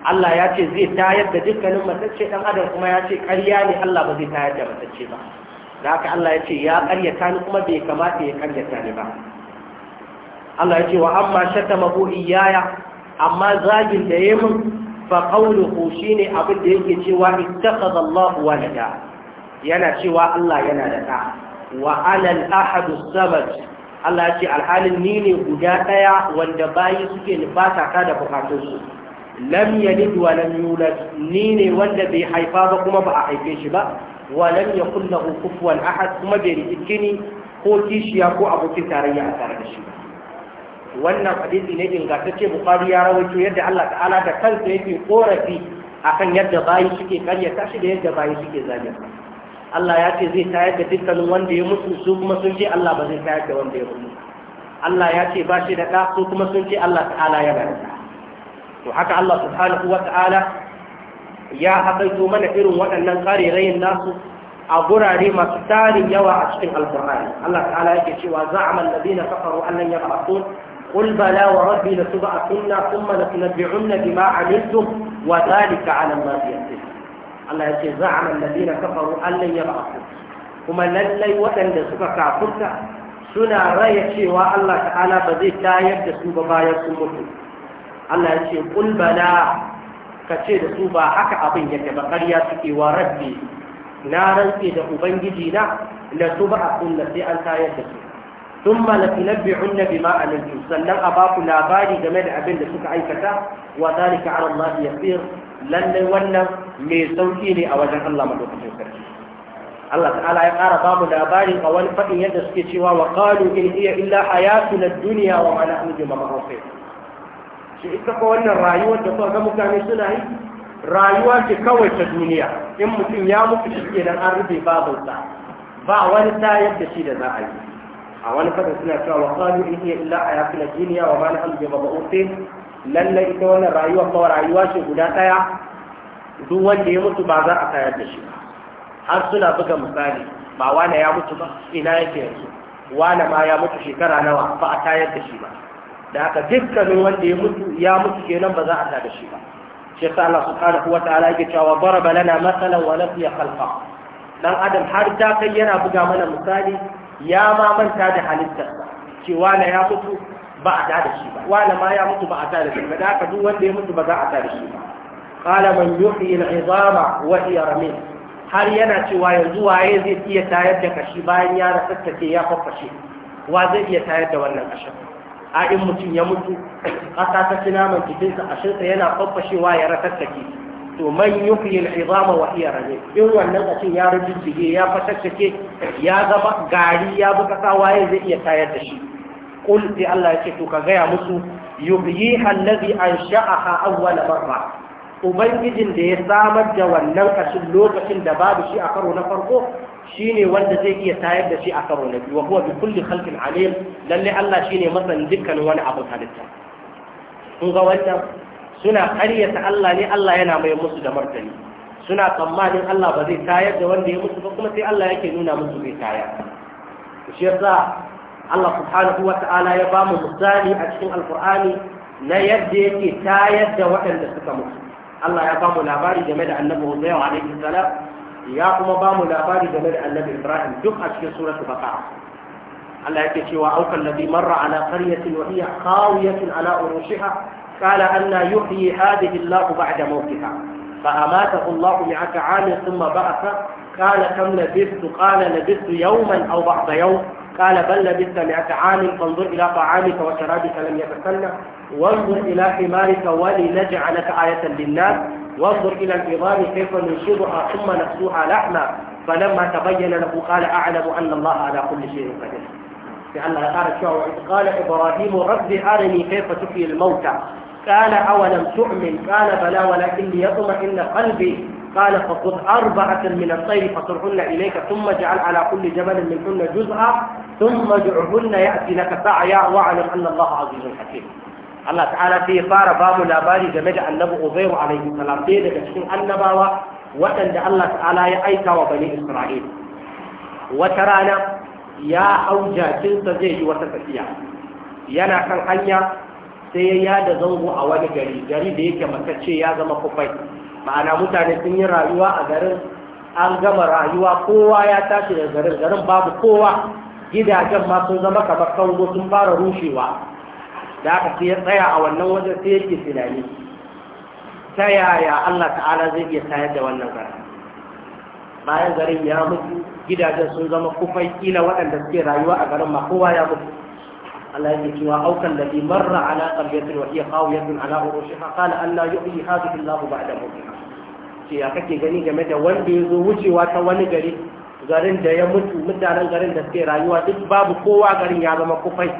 Allah ya ce zai tayar da dukkanin matacce dan adam kuma ya ce ƙarya ne Allah ba zai tayar da matacce ba da haka Allah ya ce ya ƙaryata tani kuma bai kamata ya ƙaryata ni ba Allah ya ce wa amma shatama ko iyaya amma zagin da ya mun fa qawluhu shine abin da yake cewa ittakhadha Allah walada yana cewa Allah yana da ɗa wa ana al-ahad as-samad Allah ya ce alhalin ni ne guda daya wanda bayi suke nufata ka da bukatunsu lam yalid wa lam yulad ni ne wanda bai haifa ba kuma ba a haife shi ba wa lam yakul lahu kufuwan ahad kuma bai rikini ko kishiya ko abokin tarayya a tare da shi ba wannan hadisi ne ingantacce bukari ya rawaito yadda Allah ta'ala da kansa yake korafi akan yadda bayi suke karya tashi da yadda bayi suke zalunta Allah ya ce zai tayar da dukkanin wanda ya mutu su kuma sun ce Allah ba zai tayar da wanda ya mutu Allah ya ce ba shi da ɗa su kuma sun ce Allah ta'ala ya bari. to haka Allah subhanahu wa ta'ala ya haƙaito mana irin waɗannan ƙarerayin nasu a gurare masu tarin yawa a cikin alƙur'ani Allah ta'ala yake cewa za'ama alladhina kafaru an lan yab'athun قل بلى وربي لتبعثن ثم لتنبعن بما عملتم وذلك على ما يقدر الله يقول زعم الذين كفروا أن لن يبعثوا kuma lallai waɗanda suka kafurta suna raya cewa Allah ta'ala ba zai tayar da su ba bayan sun mutu Allah ya ce kul ka ce da su ba haka abin yake ba karya suke wa rabbi na da ubangiji na a kunna sai an tayar da su hunna bi ma عملتم sannan a baku labari game da abin da suka aikata wa zalika ala Allah yasir lalle wannan mai sauki ne a wajen Allah madaukakin sarki Allah ta'ala ya ƙara babu labari a wani faɗin yadda suke cewa wa qalu in hiya illa hayatun ad-dunya wa ma nahnu bi mab'uthin shi ita ko wannan rayuwar da kuka ga mutane suna yi rayuwa ce kawai ta duniya in mutum ya mutu shi kenan an rufe babansa ba wani tayar da shi da za a yi a wani fata suna cewa wa qalu in hiya illa hayatuna dunya wa ma nahnu bi mabu'uthin lalle ita wannan rayuwa ko rayuwa ce guda daya duk wanda ya mutu ba za a tayar da shi har suna buga misali ba Wani ya mutu ba ina yake yanzu Wani ma ya mutu shekara nawa ba a tayar da shi ba da haka dukkanin wanda ya mutu ya mutu kenan ba za a tayar da shi ba shi yasa Allah subhanahu wa ta'ala yake cewa daraba lana masalan wa nasiya khalqa dan adam har ta kai yana buga mana misali ya ma manta da halittarsa cewa na ya mutu ba a da shi ba wala ma ya mutu ba a da shi ba da aka duk wanda ya mutu ba za a da shi ba qala man yuhyi al-izama wa hiya ramim har yana cewa yanzu waye zai iya tayar da kashi bayan ya rasattace ya fafashe wa zai iya tayar da wannan kashin a in mutum ya mutu ƙasa ta ci naman jikinsa ashinsa yana fafashewa ya rasattace to man yuhyi al'izama wa hiya raje in wannan a cikin ya rujujjuge ya fatattake ya zama gari ya buka waye zai iya tayar da shi qul sai Allah ya ce to ka gaya musu yuhyiha allazi ansha'aha awwal marra ubangijin da ya samar da wannan kashin lokacin da babu shi a karo na farko shine wanda zai iya tayar da shi a karo na biyu wa huwa bi kulli khalqin alim lalle Allah shine masan dukkan wani abu halitta kun ga wannan suna karyata Allah ne Allah yana mai musu da martani suna tsammanin Allah ba zai tayar da wanda ya musu ba kuma sai Allah yake nuna musu zai tayar shi yasa Allah subhanahu wa ta'ala ya ba mu misali a cikin alkur'ani na yadda yake tayar da waɗanda suka mutu Allah ya ba mu labari game da annabi Hussein alaihi salam ya kuma ba mu labari game da annabi Ibrahim duk a cikin suratu baqara Allah yake cewa aukan ladhi marra ala qaryatin wa hiya khawiyatun ala urushiha قال أن يحيي هذه الله بعد موتها فأماته الله مئة عام ثم بعث قال كم لبثت قال لبثت يوما أو بعض يوم قال بل لبثت مئة عام فانظر إلى طعامك وشرابك لم يتسنى وانظر إلى حمارك ولنجعلك آية للناس وانظر إلى العظام كيف ننشدها ثم نكسوها لحما فلما تبين له قال أعلم أن الله على كل شيء قدير لأن قال قال إبراهيم رب أرني كيف تحيي الموتى قال أولم تؤمن قال بلى ولكن ليطمئن قلبي قال فخذ أربعة من الطير فصرهن إليك ثم اجعل على كل جبل منهن جزءا ثم ادعهن يأتي لك سعيا واعلم أن الله عزيز حكيم الله تعالى في فار باب لاباري جمع النبو أزير عليه السلام دي لك شكين النباوة وأن الله تعالى يأيك وبني إسرائيل وترانا يا أوجا جنس زيج وتسفيا ينا كان حنيا sai ya yada zango a wani gari gari da yake matacce ya zama kufai ma'ana mutane sun yi rayuwa a garin an gama rayuwa kowa ya tashi da garin garin babu kowa gidajen ma sun zama kamar kango sun fara rushewa da aka sai ya tsaya a wannan wajen sai yake tunani ta yaya Allah ta'ala zai iya tayar da wannan garin bayan garin ya mutu gidajen sun zama kufai kila waɗanda suke rayuwa a garin ma kowa ya mutu Allah yake cewa aukan ladhi marra ala qaryatin wa hiya qawiyatun ala urushiha qala an la yuhyi hadhihi Allah ba'da mawtiha ce ya kake gani game da wanda ya zo wucewa ta wani gari garin da ya mutu mutanen garin da suke rayuwa duk babu kowa garin ya zama kufai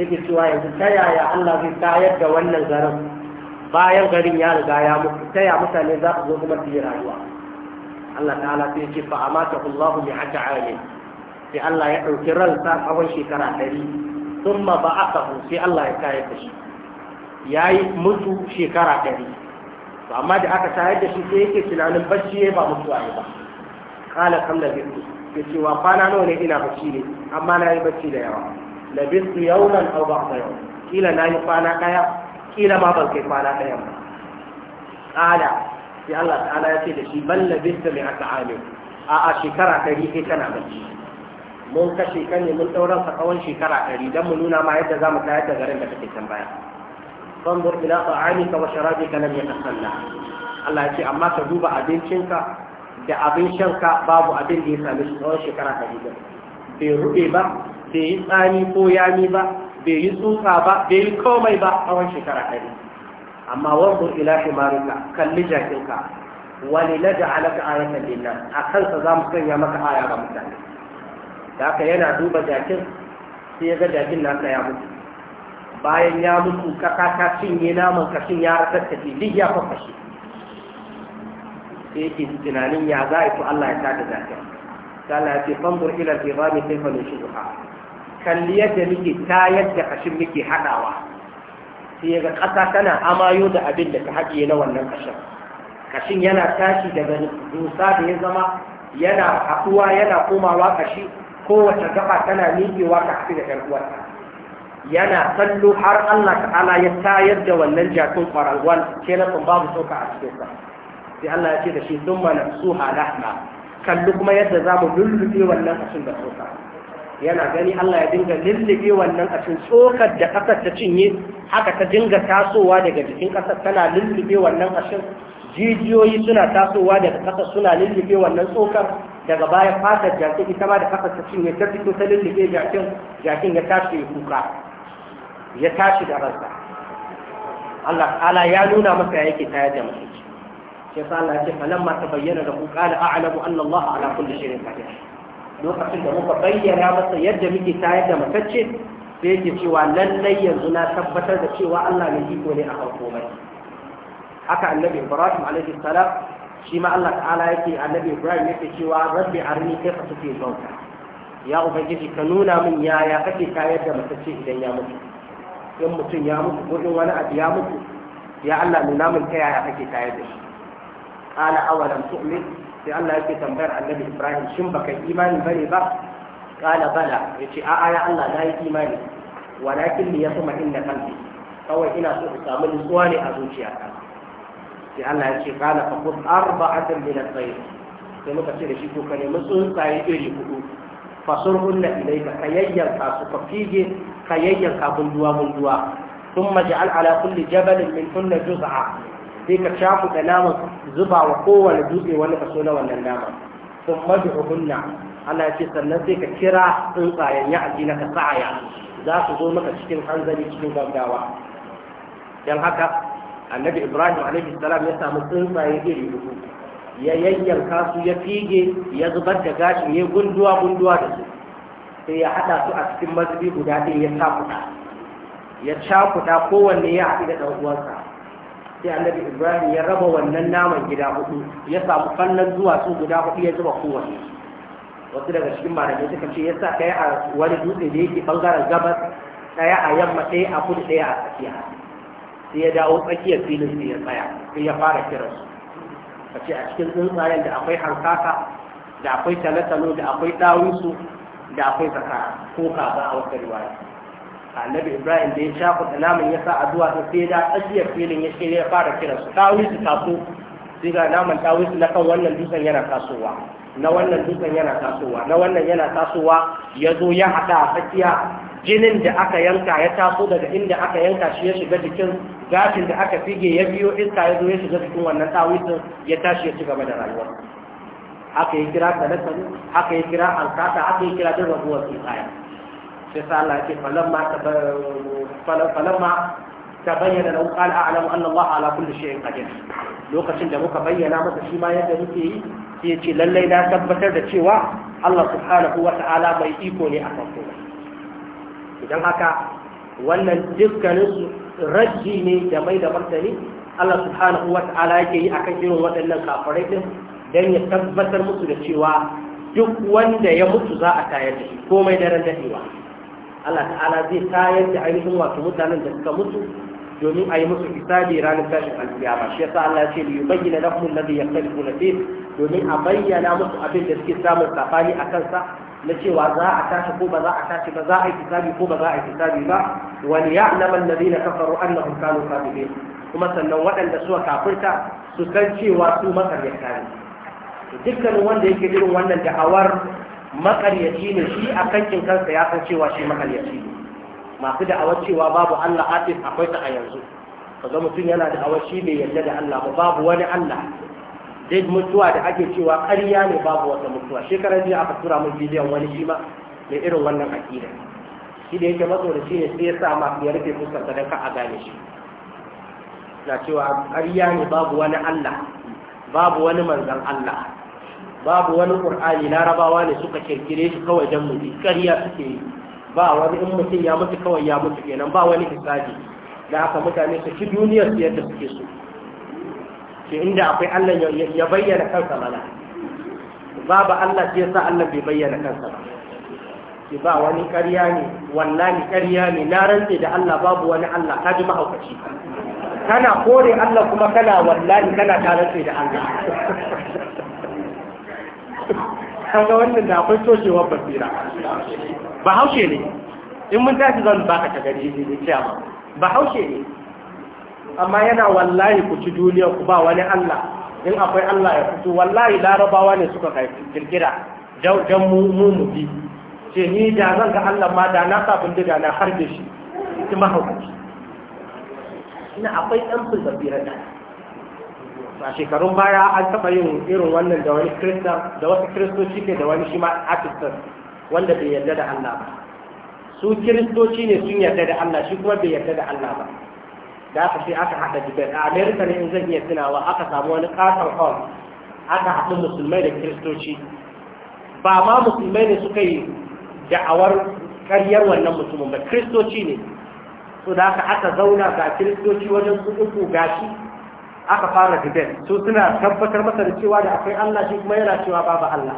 yake cewa yanzu ta yaya Allah zai tayar da wannan garin bayan garin ya riga ya mutu ta yaya mutane za su zo kuma su yi rayuwa Allah ta'ala sai ce fa amatahu Allah bi hata sai Allah ya ɗauki ransa tsawon shekara ɗari sun ma ba aka sai Allah ya kayar da shi ya yi mutu shekara ɗari amma da aka tayar da shi sai yake tunanin bacci ya ba mutu a yi ba kala kam da bisu ya ce wa kwana nawa ne ina bacci ne amma na yi bacci da yawa da yau nan au ba ta yau kila na yi kwana ɗaya kila ma ban kai kwana ɗaya ba kala sai Allah ta'ala ya ce da shi balla bisu mai aka amin a a shekara ɗari sai kana bacci mun kashe ka ne mun ɗauran sa tsawon shekara ɗari don mu nuna ma yadda za mu tayar da garin da kake can baya fanzur ila ta'amika wa sharabika lam yatasalla Allah ya ce amma ka duba abincinka da abin shanka babu abin da ya same shi tsawon shekara ɗari da bai ruɓe ba bai yi tsani ko yami ba bai yi tsutsa ba bai yi komai ba tsawon shekara ɗari amma wanzur ila himarika kalli jakinka wani na ja'alaka ayatan lillah a kansa za mu sanya maka aya ga mutane da aka yana duba jakin sai ya ga jakin na ya mutu bayan ya mutu kaka ta cinye naman kashin ya ta duk ya shi. sai yake tunanin ya za a Allah ya da jakin Allah ya ce fanzur ila sai ibami shi nushuha kalli yadda muke ta yadda kashin muke hadawa sai ya ga ƙasa tana amayo da abin da ta haɗiye na wannan kashin kashin yana tashi daga dusa da ya zama yana haɗuwa yana komawa kashi kowace gaba tana miƙewa ka haɗu da ‘yan uwarta yana sallo har Allah ala ya tayar da wannan jakin ƙwararwan ke na babu sauka a cikin sa sai Allah ya ce da shi sun mana su halahna kalli kuma yadda za mu lullube wannan kashin da tsoka yana gani Allah ya dinga lullube wannan kashin tsokar da ƙasar ta cinye haka ta dinga tasowa daga jikin ƙasar tana lullube wannan kashin jijiyoyi suna tasowa daga ƙasar suna lullube wannan tsokar daga baya fatar jakin ita ma da kafa ta cinye ta fito ta lullube jakin jakin ya tashi ya kuka ya tashi da ransa Allah ta'ala ya nuna masa yake tayar da mutum shi yasa Allah ya ce falamma tabayyana lahu qala a'lamu anna Allah ala kulli shay'in qadir lokacin da muka bayyana masa yadda muke tayar da matacce sai yake cewa lallai yanzu na tabbatar da cewa Allah mai iko ne a harko mai haka annabi Ibrahim alaihi salam shi ma Allah ta'ala yake annabi Ibrahim yake cewa rabbi arni kaifa tuke bauta ya ubangiji ka nuna min yaya kake kayar da matacce idan ya mutu in mutum ya mutu ko in wani abu ya mutu ya Allah nuna min ta yaya kake kayar da shi qala awalam tu'min sai Allah yake tambayar annabi Ibrahim shin baka imani bane ba qala bala yace a'a ya Allah na yi imani walakin li yatma inna qalbi kawai ina so in samu nutsuwa ne a zuciyata sai Allah ya ce qala fa khudh arba'atan min at-tayr sai muka ce da shi ko ka nemi tsuntsaye iri hudu fasurhunna ilayka ka yayyanka su ka fige ka yayyanka bunduwa bunduwa thumma ja'al ala kulli jabalin min kunna juz'a sai ka shafu da naman zuba wa kowane dutse wani kaso na wannan naman thumma hunna Allah ya ce sannan sai ka kira tsuntsayen ya aji na ka sa'aya za su zo maka cikin hanzari cikin gaggawa dan haka annabi ibrahim alaihi salam ya samu tsuntsaye iri uku ya yayyanka su ya fige ya zubar da gashin ya gunduwa gunduwa da su sai ya hada su a cikin mazubi guda ɗaya ya cakuta ya cakuta kowanne ya haɗu da ɗan uwansa sai annabi ibrahim ya raba wannan naman gida hudu ya samu fannan zuwa su guda hudu ya zuba kowanne wasu daga cikin malamai suka ce ya sa ɗaya a wani dutse da yake ɓangaren gabas ɗaya a yamma ɗaya a kudu ɗaya a tsakiya sai ya dawo tsakiyar filin sai ya tsaya sai ya fara kiran su a ce a cikin tsuntsayen da akwai hankaka da akwai talatalo da akwai ɗawinsu da akwai zakara ko kaza a wata riwaya annabi ibrahim da ya shafa naman ya sa zuwa ta sai da tsakiyar filin ya shirya fara kiran su ɗawinsu taso sai ga naman ɗawinsu na kan wannan dutsen yana tasowa na wannan dutsen yana tasowa na wannan yana tasowa ya zo ya haɗa a tsakiya jinin da aka yanka ya taso daga inda aka yanka shi ya shiga jikin gashin da aka fige ya biyo iska ya zo ya shiga jikin wannan tawisin ya tashi ya ci gaba da rayuwa haka yi kira talatalu haka yi kira alkata haka yi kira duk raguwar tsaya sai sa Allah yake falamma ta bayyana da qala a'lamu anna Allah ala kulli shay'in qadir lokacin da muka bayyana masa shi ma yadda muke yi sai ce lallai na tabbatar da cewa Allah subhanahu wa ta'ala mai iko ne a farko don haka wannan dukkanin raji ne da mai da martani Allah subhanahu wa ta'ala yake yi akan irin waɗannan kafirai din dan ya tabbatar musu da cewa duk wanda ya mutu za a tayar da shi komai daren dadewa Allah ta'ala zai tayar da ainihin wato mutanen da suka mutu domin a yi musu hisabi ranar tashin alkiyama shi yasa Allah ya ce li yubayyana lahum alladhi yaktalifuna fihi domin a bayyana musu abin da suke samun safani akan sa na cewa za a tashi ko ba za a tashi ba za a yi hisabi ko ba za a yi hisabi ba wani ya alaman da zina kafaru annahum kanu kafirin kuma sannan waɗanda suka kafirta su san cewa su makaryata ne dukkanin wanda yake irin wannan da'awar makaryaci ne shi a kankin kansa ya san cewa shi makaryaci ne masu da'awar cewa babu Allah atis akwai ta a yanzu kaga mutum yana da'awar shi bai yarda da Allah ba babu wani Allah dai mutuwa da ake cewa ƙarya ne babu wata mutuwa shekarar jiya aka tura mun bidiyon wani shi ma mai irin wannan aƙida shi da yake matsoraci ne sai ya sa ma ya rufe fuskarsa don ka a gane shi na cewa ƙarya ne babu wani Allah babu wani manzon Allah babu wani Qur'ani larabawa ne suka kirkire shi kawai don mutu ƙarya suke yi ba wani in mutum ya mutu kawai ya mutu kenan ba wani hisabi da haka mutane su ci duniyar su yadda suke so ke inda akwai Allah ya bayyana kansa mana babu Allah ya sa Allah bai bayyana kansa ba ki ba wani ƙarya ne wallahi ƙarya ne na rantse da Allah babu wani Allah ka ji mahaukaci kana kore Allah kuma kana wallahi kana rantse da Allah [laughs] ga wannan da akwai toshewar basira ba haushe ne in mun tashi zan baka ta gari ne ce ba haushe ne amma yana wallahi ku ci duniya ku ba wani Allah in akwai Allah ya fito wallahi larabawa ne suka kai kirkira jan mu mu bi ce ni da zan ga Allah ma da na sa bindiga na harbe shi ki mahaukaci ina akwai ɗan fulbabiran da a shekarun baya an taɓa yin irin wannan da wani kristan da wasu Kiristoci ke da wani shi ma atistan wanda bai yarda da Allah ba su kiristoci ne sun yarda da Allah shi kuma bai yarda da Allah ba da aka sai aka haɗa debate a america ne in zan iya tunawa aka samu wani ƙasar hall aka haɗu musulmai da kiristoci ba ma musulmai ne suka yi da'awar karyar wannan mutumin ba kiristoci ne so da aka aka zauna ga kiristoci wajen su uku gashi aka fara debate so suna tabbatar masa da cewa da akwai Allah shi kuma yana cewa babu Allah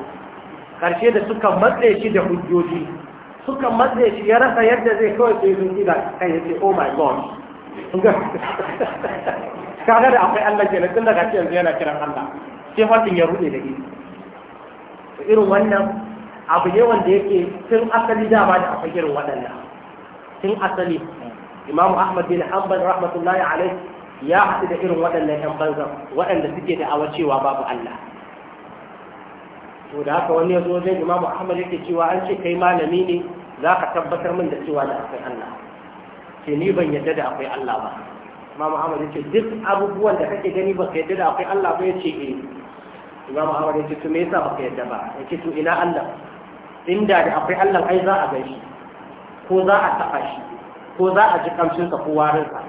ƙarshe da suka matse shi da hujjoji suka matse shi ya rasa yadda zai kawai sai sun kira kai ce oh my god [laughs] kaga da akwai Allah ke tun daga ce yanzu yana kiran Allah sai fatin ya rude da shi irin wannan abu ne wanda yake tun asali ba da akwai irin waɗannan tun asali Imam ahmad bin hanbal rahmatullahi alaihi ya haɗu da irin waɗannan yan banza waɗanda suke da awa cewa babu Allah to da haka wani ya zo wajen Imam ahmad yake cewa an ce kai malami ne za ka tabbatar min da cewa da akwai Allah ce ni ban yadda da akwai Allah ba Imam Ahmad yace duk abubuwan da kake gani baka yadda da akwai Allah ba yace eh Imam Ahmad yace to me yasa baka yadda ba yace to ina Allah inda da akwai Allah ai za a gan shi ko za a taɓa shi ko za a ji kamshin sa ko warin sa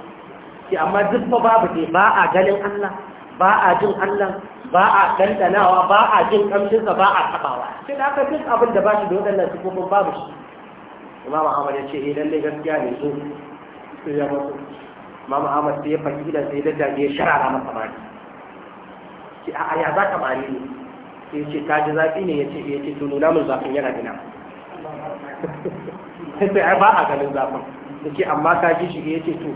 ki amma duk ba babu ne ba a ganin Allah ba a jin Allah ba a dandanawa ba a jin kamshin sa ba a tabawa sai da aka duk abin da ba shi da waɗannan sifofin babu shi Imam Ahmad yace eh lalle gaskiya ne so sai ya mutu mama ahmad sai ya faki idan sai da dage sharara masa mari ki a ya za ka mari ne sai ce ta ji zafi ne yace yace to nuna mun zafin yana gina sai ai ba a ganin zafin yace amma ka ji shi yace to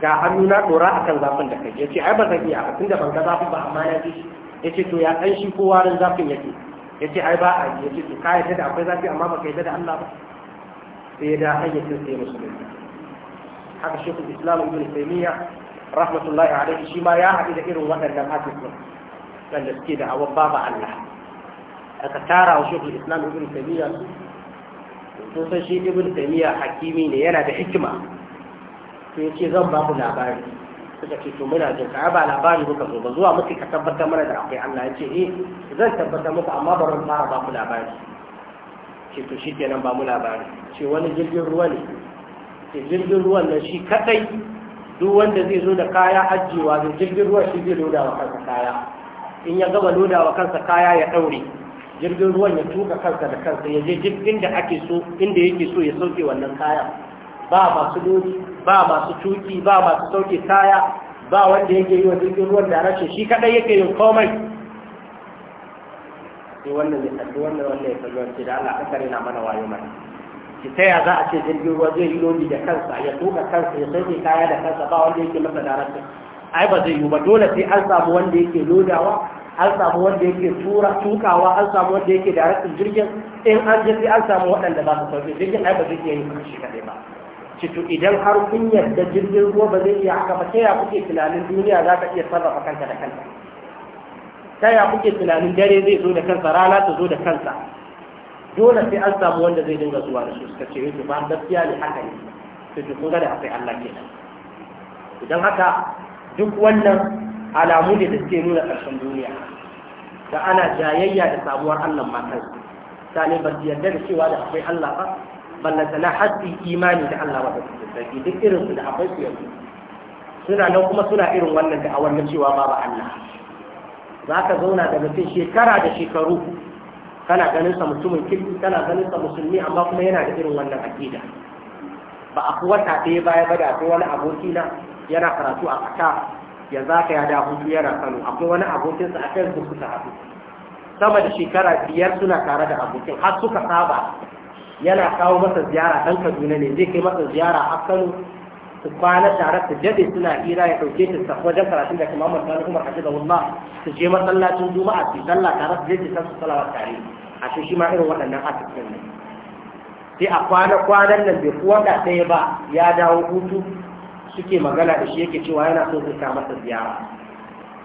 ga hannu na dora akan zafin da kai yace ai ba zan iya ba da ban ga zafin ba amma na ji shi yace to ya ɗan shi ko warin zafin yake yace ai ba a yace to ka yadda da akwai zafi amma ba ka yadda da Allah ba sai ya da hayyacin sai musulunci haka shekul islam ibn taymiya rahmatullahi alaihi shi ma ya haɗu da irin waɗannan hadisin wanda suke da hawan baba Allah aka tara wa shekul islam ibn taymiya sun san shi ibn taymiya hakimi ne yana da hikima to ya ce zan ba ku labari suka ce to muna jin ka ba labari muka zo ba zuwa muke ka tabbatar mana da akwai Allah ya ce eh zan tabbatar muku amma bari fara ba ku labari ce to shi kenan ba mu labari ce wani jirgin ruwa ne jirgin ruwan nan shi kadai duk wanda zai zo da kaya ajiyewa da jirgin ruwan shi zai loda wa kansa kaya in ya gama loda wa kansa kaya ya daure jirgin ruwan ya tuka kansa da kansa ya je duk inda ake so inda yake so ya sauke wannan kaya ba masu doki ba masu tuki ba masu sauke kaya ba wanda yake yi wa jirgin ruwan da rashin shi kadai yake yin komai sai wannan ya kalli wannan wannan ya kalli wancan da Allah aka na mana wayo mai ta ya za a ce jirgin ruwa zai yi lodi da kansa ya tuka kansa ya sauke kaya da kansa ba wanda yake masa darasi ai ba zai yi ba dole sai an samu wanda yake lodawa an samu wanda yake tura tukawa an samu wanda yake darasin jirgin in an je sai an samu waɗanda ba su sauke jirgin ai ba zai iya yin kashi kadai ba cito idan har kun yarda jirgin ruwa ba zai iya haka ba ta ya kuke tunanin duniya za ta iya sarrafa kanta da kanta ta ya kuke tunanin dare zai zo da kansa rana ta zo da kansa dole sai an samu wanda zai dinga zuwa da su suka ce eh, to ba gaskiya ne haka ne su to kun ga da akwai Allah kenan idan haka duk wannan alamu ne da suke nuna ƙarshen duniya da ana jayayya da samuwar Allah matan sani ba su yarda da cewa da akwai Allah ba ballanta na hasi imani da Allah wata su sarki duk irin su da akwai su yanzu suna nan kuma suna irin wannan da a wannan cewa babu Allah za ka zauna daga mutum shekara da shekaru kana ganin sa mutumin kirki kana ganin sa musulmi amma kuma yana da irin wannan aqida ba a kuwa ta ɗaya baya ba da akwai wani aboki na yana karatu a kasa ya zaka ya yada hutu yana kano akwai wani abokinsa a facebook suka haɗu sama da shekara biyar suna tare da abokin har suka saba yana kawo masa ziyara ɗan kaduna ne zai kai masa ziyara a kano su kwana tare su jade suna hira ya ɗauke su sa wajen karatun da kamar Muhammad Umar Hajji da Wallah su je masallacin Juma'a su sallah tare su jade su salawa tare a shi shi ma irin waɗannan asibitin ne sai a kwana kwanan nan bai kuwa da ɗaya ba ya dawo hutu suke magana da shi yake cewa yana so su kama masa ziyara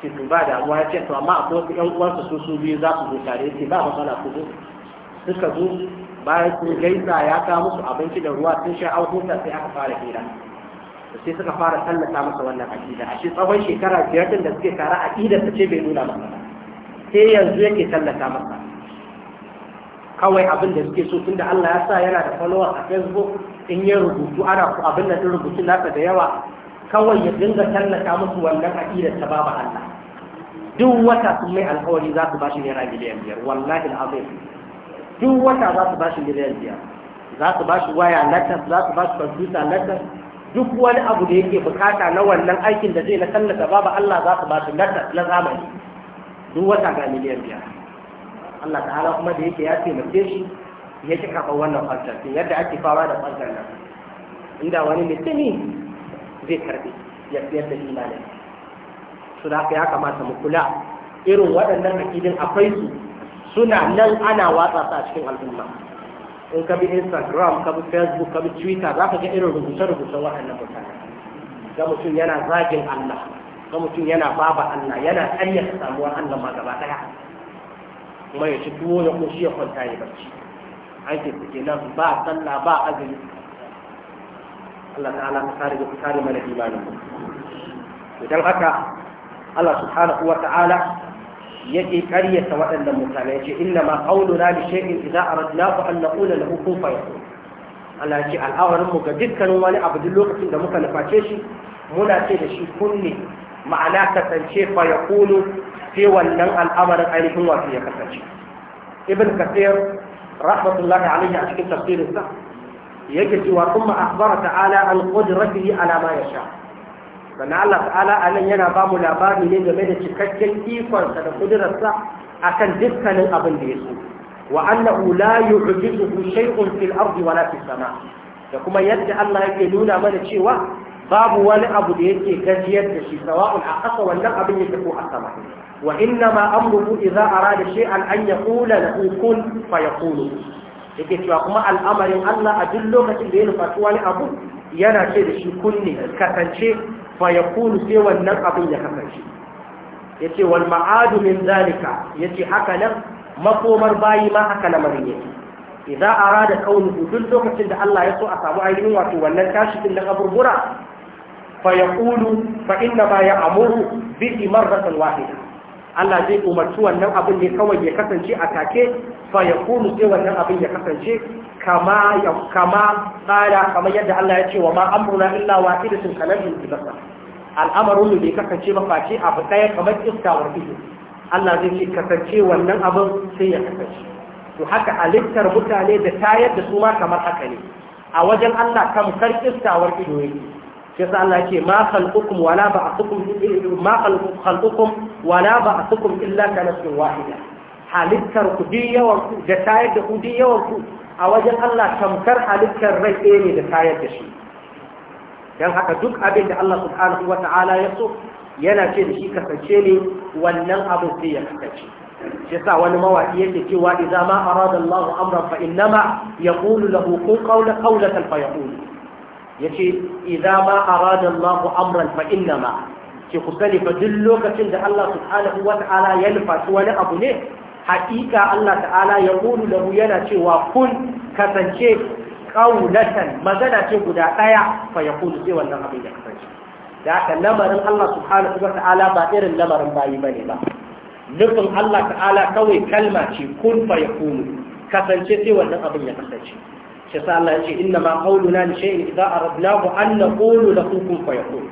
sai su ba da abuwa ya ce to amma akwai wasu ƴan uwansa su su biyu za su zo tare sai ba matsala ku zo suka zo bayan sun gaisa ya kawo musu abinci da ruwa sun sha auto sai aka fara hira sai suka fara tallata masa wannan aqida a tsawon shekara biyar din da suke tare aqidar ta ce bai nuna masa sai yanzu yake tallata masa kawai abin da suke so tunda Allah ya sa yana da followers a Facebook in ya rubutu ana ku abin da rubutun nasa da yawa kawai ya dinga tallata musu wannan aqidar ta babu Allah duk wata sun mai alkawari za su ba shi naira miliyan biyar wallahi al'azim duk wata za su ba shi miliyan biyar za su ba shi waya latas za su ba shi kwamfuta latas duk wani abu da yake bukata na wannan aikin da zai na tallata babu Allah za su ba su na zamani duk wata ga miliyan biyar Allah ta'ala kuma da yake ya taimake shi ya ci kafa wannan fantastin yadda ake fama da fantastin nan inda wani mutumi zai karbi ya siyar da imanin su da ya kamata mu kula irin waɗannan akidin akwai su suna nan ana watsa su a cikin al'umma in ka bi instagram ka bi facebook ka bi twitter za ka ga irin rubuce-rubuce waɗannan mutane ga mutum yana zagin allah ga mutum yana baba allah yana ƙaryata samuwar allah ma gaba ɗaya kuma ya ci tuwo ya ƙoshi ya kwanta ya barci aikin suke nan ba sallah ba azumi Allah ta'ala ka kare kusa da mana imanin mu idan haka Allah subhanahu wa ta'ala yake karyata waɗannan mutane ya ce inna ma na li shay'in idza aradnahu an naqula lahu kun fayakun Allah ce al'awarin mu ga dukkanin wani abu duk lokacin da muka nuface shi muna ce da shi kunne ma'ana kasance fayakunu sai wannan al'amarin ainihin wato ya kasance ibn kasir rahmatullahi alaihi a cikin tafsirinsa yake cewa kuma akhbara ta'ala an qudratihi ala ma yasha' sannan Allah ta'ala a nan yana ba mu labari ne game da cikakken ikonsa da kudurarsa akan dukkanin abin da ya so wa annahu la yu'jizuhu shay'un fil ardi wala fis sama da kuma yadda Allah yake nuna mana cewa babu wani abu da yake gajiyar da shi sawa'un a ƙasa wannan abin yake ko a sama wa inna ma amruhu idza arada shay'an an yaqula lahu kun fayakunu yake cewa kuma al'amarin Allah a duk lokacin da ya nufa wani abu yana ce da shi kunne kasance faya ya kunu sai wannan abin ya kasance ya ce wal ma'adumin zalika ya ce haka nan makomar bayi ma haka lamarin yake idan arada kaunuhu duk lokacin da Allah ya so a samu ainihin wato wannan tashi din na kaburbura fa ya kulu fa inna ma ya amuru bi marratan wahida Allah zai umarci wannan abin ne kawai ya kasance a take faya ya kulu sai wannan abin ya kasance kama ya kama tsara kamar yadda Allah ya ce wa ma amruna illa wahidatun kalamin ibasa al'amarin mu bai kasance ba face abu daya kamar iska wa ido Allah zai ce kasance wannan abin sai ya kasance to haka alittar mutane da tayar da su ma kamar haka ne a wajen Allah kam kar tamkar iskawar ido yake shi yasa Allah yake ma khalqukum wala ba'athukum ma khalqukum wala ba'athukum illa ka nafsin wahida halittar ku di yawan ku da tayar da ku di yawan ku a wajen Allah tamkar halittar rai ɗaya ne da tayar da shi don haka duk abin da Allah subhanahu wa ta'ala ya so yana ce da shi kasance ne wannan abin sai ya kasance shi yasa wani mawaki yake cewa idza ma arada Allah amran fa innama yaqulu lahu kun qawla qawlatan fa yaqulu yace idza ma arada Allah amran fa innama Ke ku sani fa duk lokacin da Allah subhanahu wa ta'ala ya nufa wani abu ne Haƙiƙa Allah ta'ala ya da mu yana cewa kun kasance ƙaunatan magana ce guda ɗaya fa ya kulu sai wannan abin ya kasance da haka lamarin Allah subhanahu wa ta'ala ba irin lamarin bayi ba ne ba nufin Allah ta'ala kawai kalma ce kun fa ya kulu kasance sai wannan abin ya kasance shi sa Allah ya ce inna ma na qawluna li shay'in idza aradnahu an naqulu lahu kun fa ya yakun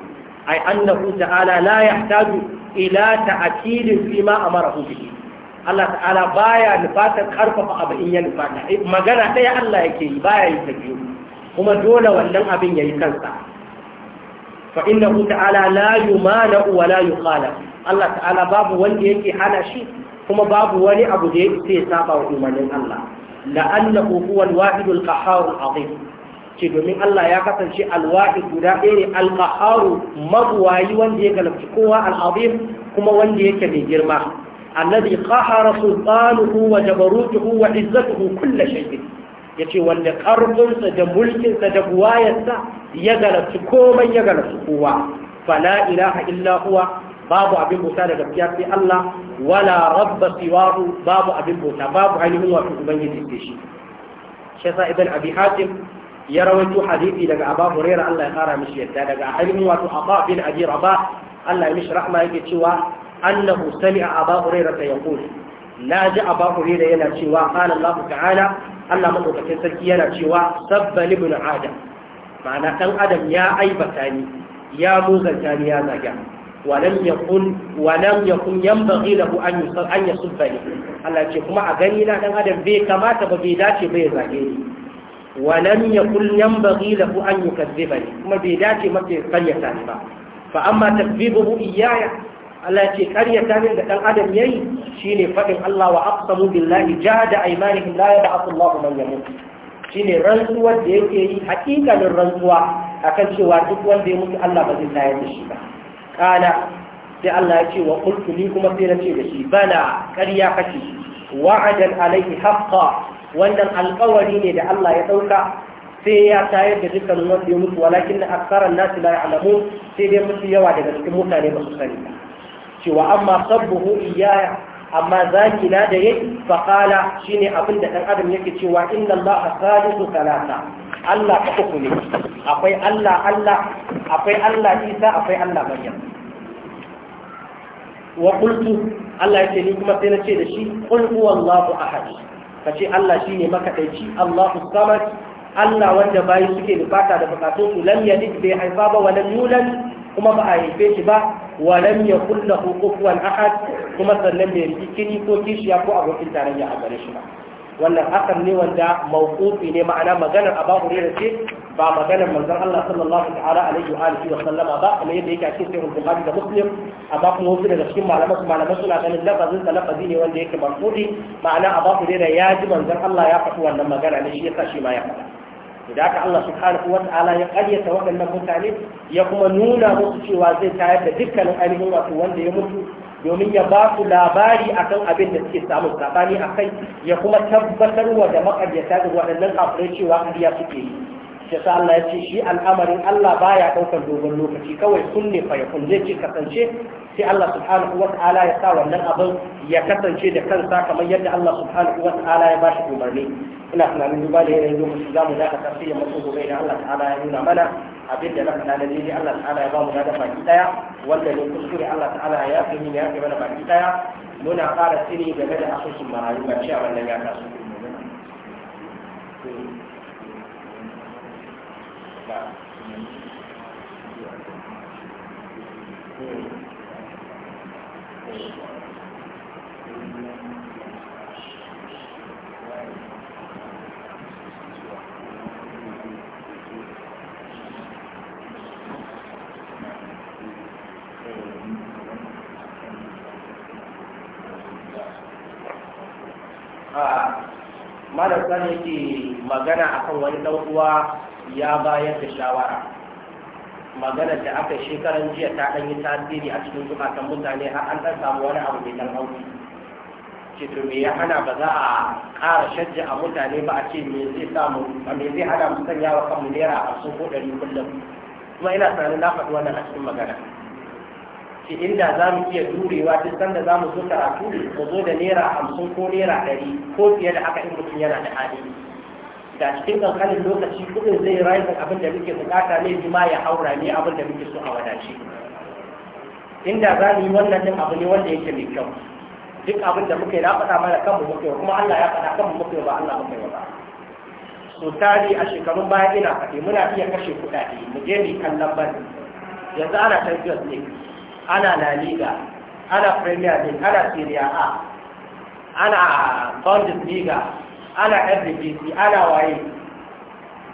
ai na ta'ala la yahtaju ila ta'kidin fi ma amarahu bihi Allah ta'ala baya nufatar karfafa abu in ya nufata eh, magana ɗaya Allah yake yi baya yi ta biyu kuma dole wannan abin ya yi kansa fa innahu ta'ala la yumana wa la yuqala Allah ta'ala babu wanda yake hana shi kuma babu wani abu da yake sai saba wa umarnin Allah la'annahu huwa al-wahid al-qahhar al-azim ce domin Allah ya kasance al-wahid guda ɗaya ne al-qahhar wanda ya galabci kowa al-azim kuma wanda yake mai girma alladhi qahara sultanuhu wa jabarutuhu wa izzatuhu kull shay'in yace wanda karfinsa da mulkinsa da buwayarsa ya galabci komai ya galabci kowa fala ilaha illa huwa babu abin bauta da gaskiya sai Allah wala rabba siwahu babu abin bauta babu ainihin wato ubangiji da shi shi sa ibn abi hatim ya rawaito hadisi daga Abu Hurairah Allah ya kara mishi yadda daga ainihin wato Abu bin Abi Rabah Allah ya mishi rahma yake cewa annahu sami'a aba hurairah yaqul la ji aba hurairah yana cewa qala Allah ta'ala Allah madaukakin sarki yana cewa sabba ibn adam ma'ana dan adam ya aibata ni ya muzanta ni ya zaga ولم يكن ولم يكن ينبغي له ان ان يسبني Allah ce kuma a gani na dan adam bai kamata ba bai dace bai zage ni ولم يكن ينبغي له ان يكذبني kuma bai dace mace kanyata ni ba fa amma takdhibuhu iyaya Allah ce karyata min da ɗan adam yayi shine faɗin Allah wa aqsamu billahi jahada aymanihim la yab'athu Allahu man yamut shine rantsuwar da yake yi hakikalin rantsuwa akan cewa duk wanda ya mutu Allah ba zai tayar da shi ba kana sai Allah ya ce wa qultu kuma sai na ce da shi bana ƙarya kace wa'adan alaihi haqqan wannan alƙawari ne da Allah ya dauka sai ya tayar da dukkan wanda ya mutu walakin aktharan nas la ya'lamun sai dai mutu yawa daga cikin mutane ba su sani ba cewa amma buhu iyaya amma zaki na da yake faƙala shi ne abin da ɗan adam yake cewa inda Allah a salisu talata Allah ta uku ne akwai Allah Allah akwai Allah Isa akwai Allah Maryam wa qultu Allah yake ni kuma sai na ce da shi qul huwallahu ahad ce Allah shine makadaici Allahu samad Allah wanda bayi suke bukata da bukatun su lam yalid bai haifa ba wa lam yulad kuma ba a haife shi ba wa lam yakul lahu kufuwan ahad kuma sannan bai riki kini ko kishiya ko abokin tarayya a gare shi ba wannan hakan ne wanda mawqufi ne ma'ana maganar Abu Hurairah ce ba maganar manzon Allah sallallahu ta'ala alaihi wa alihi wa sallama ba kuma yadda yake a cikin sahih Bukhari da Muslim amma kuma wasu daga cikin malaman malaman suna ganin lafazin da lafazi ne wanda yake marfu'i ma'ana Abu Hurairah ya ji manzon Allah ya faɗi wannan magana ne shi yasa shi ma ya faɗa da aka Allah kare kuwa ta'ala ya ƙaryata waɗannan mutane ya kuma nuna musu cewa zai tayar da dukkanin ainihin wato wanda ya mutu domin ya ba su labari akan abin da suke samun sabani akai ya kuma tabbatar wa da maƙaryata da waɗannan kafirai cewa ƙarya suke yi shi sa Allah ya ce shi al'amarin Allah baya ɗaukar dogon lokaci kawai kunne fa ya kunne ce kasance sai Allah subhanahu wa ta'ala ya sa wannan abin ya kasance da kansa kamar yadda Allah subhanahu wa ta'ala ya bashi umarni ina tunanin duba da yanayin lokaci za mu da ka sai ya matso gobe da Allah ta'ala ya nuna mana abin da na faɗa na daidai Allah ta'ala ya ba mu da baki daya wanda ne kuskure Allah ta'ala ya fi ya fi mana baki ɗaya muna ƙara sini game da asusun marayu ba cewa wannan ya kasu Ah, malam sani ki magana akan wani ɗan uwa ya bayar da shawara magana da aka shekaran jiya ta ɗan yi tasiri a cikin zukatan mutane har an ɗan samu wani abu mai ɗan hauki ce to me ya hana ba za a ƙara shajja a mutane ba a ce me zai samu me zai hana mu sanya wa kanmu naira hamsin ko ɗari kullum kuma ina tunanin na faɗi wannan a cikin magana ki inda za mu iya durewa duk sanda za mu zo karatu mu zo da naira hamsin ko naira ɗari ko fiye da haka in mutum yana da hali da cikin kankanin lokaci kudin zai rayu abin da muke bukata ne ma ya haura ne abin da muke so a wadace inda za mu yi wannan din abu ne wanda yake mai kyau duk abin da muka na faɗa mana kanmu muka kuma Allah ya faɗa kanmu muka ba Allah muka yi ba so tari a shekarun baya ina faɗi muna iya kashe kuɗaɗe mu je mu kallon ban yanzu ana Champions League ana La Liga ana Premier League ana Serie A ana Bundesliga ana ɗan ana waye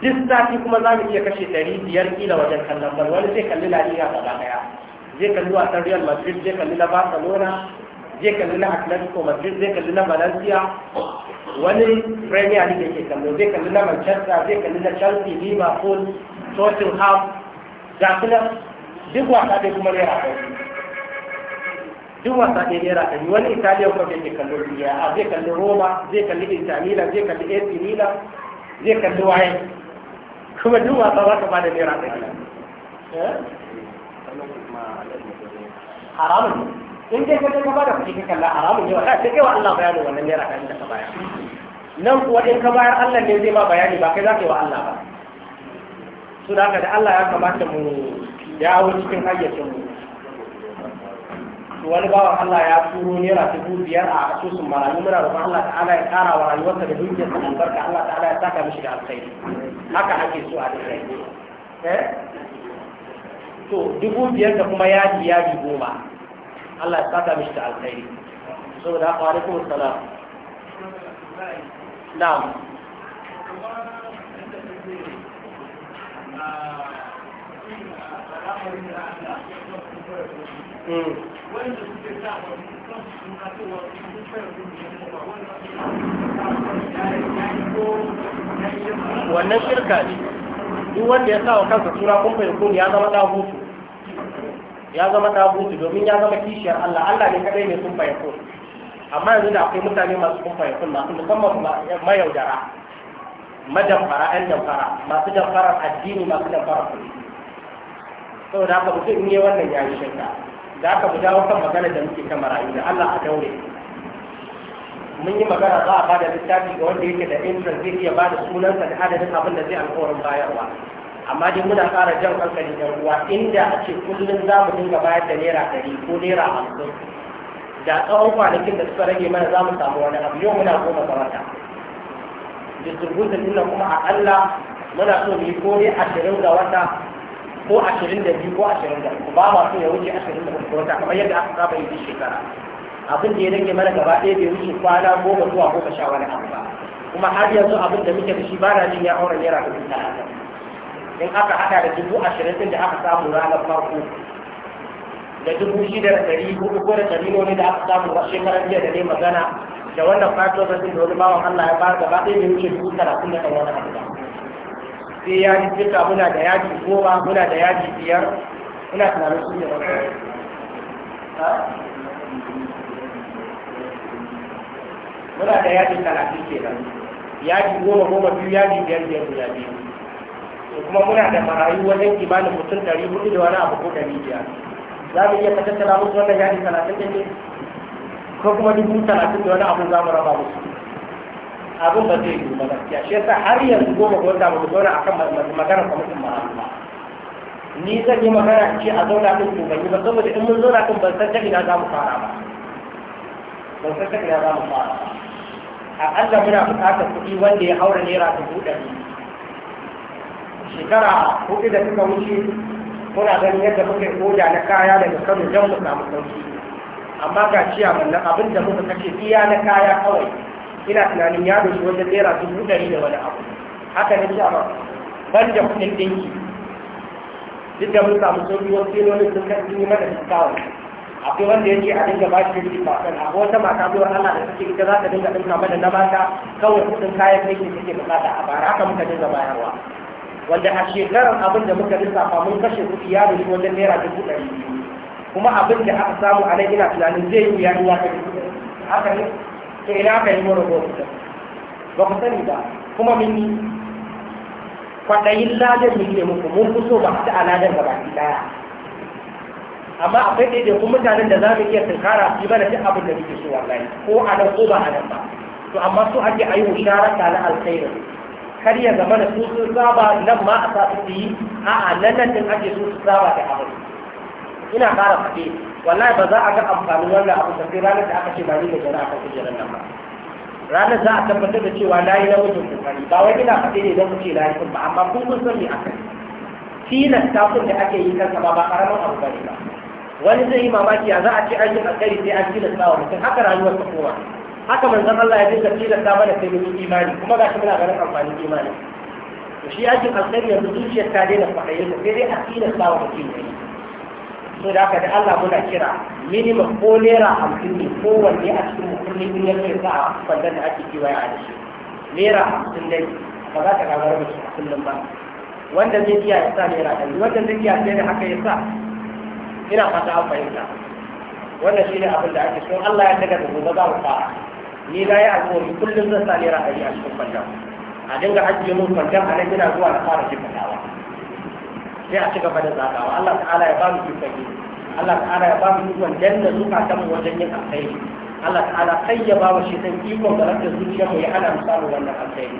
duk sati kuma za mu iya kashe ɗari biyar kila wajen kallon bal wani zai kalli la liga gaba ɗaya zai kalli wasan real madrid zai kalli na barcelona zai kalli na atletico madrid zai kalli na valencia wani premier league ke kallo zai kalli na manchester zai kalli na chelsea liverpool tottenham ga duk wasa dai kuma ne a kai duk wasa ɗaya naira ɗari wani italiya kuma ke kallo duniya a zai kalli roma zai kalli inter milan zai kalli ac milan zai kalli waye kuma duk wasa ba ka bada naira ɗari eh? haramun in dai ka ka ba kuɗi ka kalla haramun yawa sai kai wa Allah bayanin wannan ɗaya ɗari da ka bayar nan kuwa in ka bayar Allah ne zai ma bayani ba kai za ka yi wa Allah ba su da haka da Allah ya kamata mu ya wuce cikin hayyacinmu to wani bawan Allah ya turo naira dubu biyar a asusun marayu muna roƙon Allah ta'ala ya ƙara wa rayuwarsa da dukiyar sa albarka Allah ta'ala ya saka mishi da alkhairi haka ake so a dukkan eh to dubu biyar da kuma yadi yadi goma Allah ya saka mishi da alkhairi saboda haka alaikum assalam na'am Thank you. wannan shirka ne duk wanda ya sa wa kansa suna kun fahimkun ya zama dahutu ya zama dahutu domin ya zama kishiyar Allah Allah ne kadai ne sun fahimkun amma yanzu da akwai mutane masu kun fahimkun masu musamman mayaudara madamfara 'yan damfara masu damfarar addini masu damfarar kuɗi saboda haka mutum in yi wannan ya yi shirka da aka mu dawo kan magana da muke kan marayu da Allah a daure mun yi magana za a ba da littafi ga wanda yake da interest zai iya ba da sunansa da adadin abin da zai alkawarin bayarwa amma dai muna ƙara jan hankali da ruwa inda a ce kullum za mu dinga bayar da naira ɗari ko naira hamsin da tsawon kwanakin da suka rage mana za mu samu wani abu yau muna goma ga wata distribution ɗin kuma a Allah muna so mu yi ko ne ashirin ga wata ko ashirin da biyu ko ashirin da uku ba ma ya wuce ashirin da uku kuma kamar yadda aka saba yi shekara abin da ya rage mana gaba ɗaya bai wuce kwana goma zuwa goma sha wani abu ba kuma har yanzu abin da muke da shi ba na jin ya aure naira dubu talatin in aka haɗa da dubu ashirin ɗin da aka samu ranar farko da dubu shida da ɗari hudu ko da ɗari ne da aka samu a shekarar jiya da ne magana da wannan fatoyin da wani bawan Allah ya ba gaba ɗaya bai wuce dubu talatin da ɗan wani abu ba sai ya ji cika muna da yaji goma muna da yaji biyar muna tunanin su ne muna da yaji talatin kenan yaji goma goma biyu yaji biyar biyar guda biyu kuma muna da marayu wajen kimanin mutum ɗari hudu da wani abu ko ɗari biyar za mu iya ka tattara musu wannan yaji talatin da ne ko kuma dubu talatin da wani abu za mu raba musu abin ba zai yi ba gaskiya shi yasa har yanzu goma ga wata mu zauna akan magana kwamitin ba. ni zan yi magana ce a zauna kan shugabanni ba saboda in mun zauna kan ban san ta ina za mu fara ba ban san ta ina za mu fara ba A aƙalla muna buƙatar kuɗi wanda ya haura naira dubu ɗari shekara hudu da suka wuce muna ganin yadda muka yi na kaya daga kano don mu samu sauki amma ga ciya wannan abin da muka kashe iya na kaya kawai ina tunanin ya doshi wajen naira dubu ɗari da wani abu haka na shama ban da kudin ɗinki duk da mun samu sauƙi wasu filolin sun kan yi mana discount akwai wanda ya ce a dinga ba shi fifty percent akwai wata mata zuwa Allah da suke ita za ta dinga ɗinka mana na mata kawai kuɗin kayan ɗinki suke bukata a bara haka muka dinga bayarwa wanda a shekarar abin da muka lissafa mun kashe kuɗi ya doshi wajen naira dubu ɗari kuma abin da aka samu a nan ina tunanin zai yi ya yi ya kai haka ne to ina aka yi ba ku sani ba kuma min yi kwaɗayin ladan muke muku mun fi so ba ta a ladan gaba ɗaya amma akwai ɗaya kuma mutanen da za mu iya tunkara shi mana duk abin da muke so wallahi ko a nan ko ba a nan ba to amma su ake a yi musharaka na alkhairin kar ya zama da su sun saba nan ma a sa su yi a'a nan nan din ake su saba da abin ina ƙara faɗi wallahi ba za a ga amfanin wannan abu sai ranar da aka ce ba ni da jana akan kujerar nan ba ranar za a tabbatar da cewa na yi namijin kokari ba wai ina faɗi ne don kuce na yi ba amma kun kun san me aka yi tilasta kun da ake yi kansa ba ba karamin abu ba ne ba wani zai yi mamaki a za a ce an yi sai an tilasta wa mutum haka rayuwar ta kowa haka manzon Allah ya dinga tilasta mana sai mun imani kuma ga shi muna ganin amfanin imani shi yakin alkhairi yanzu zuciyar ta daina kwaɗayin sai dai a tilasta wa mutum ya yi so da aka da Allah muna kira minimum ko naira hamsin ne kowanne a cikin mutumin in yake za a kwandon da ake kiwaya a da shi naira hamsin dai ba za ka gagar da shi kullum ba wanda zai iya ya sa naira ɗari wanda zai iya sai da haka ya sa ina fata an fahimta wannan shi ne abin da ake so Allah ya daga da gobe za mu fara ni na yi alƙawari kullum zan sa naira ɗari a cikin kwandon a dinga ajiye mun kwandon a nan ina zuwa na fara shi fatawa sai a ci gaba da zakawa Allah ta'ala ya ba mu ikon yi Allah ta'ala ya ba mu janna zuka ta mu wajen yin alkhairi Allah ta'ala kai ya ba mu shi dan iko da rabbin zuciya mu ya ana misalin wannan alkhairi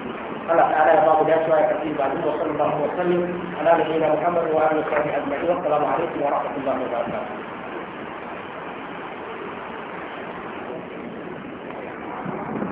Allah ta'ala ya ba mu dacewa ya karbi ba mu sallallahu wa sallam ala nabiyina Muhammad wa alihi wa sahbihi ajma'in assalamu alaikum wa rahmatullahi wa barakatuh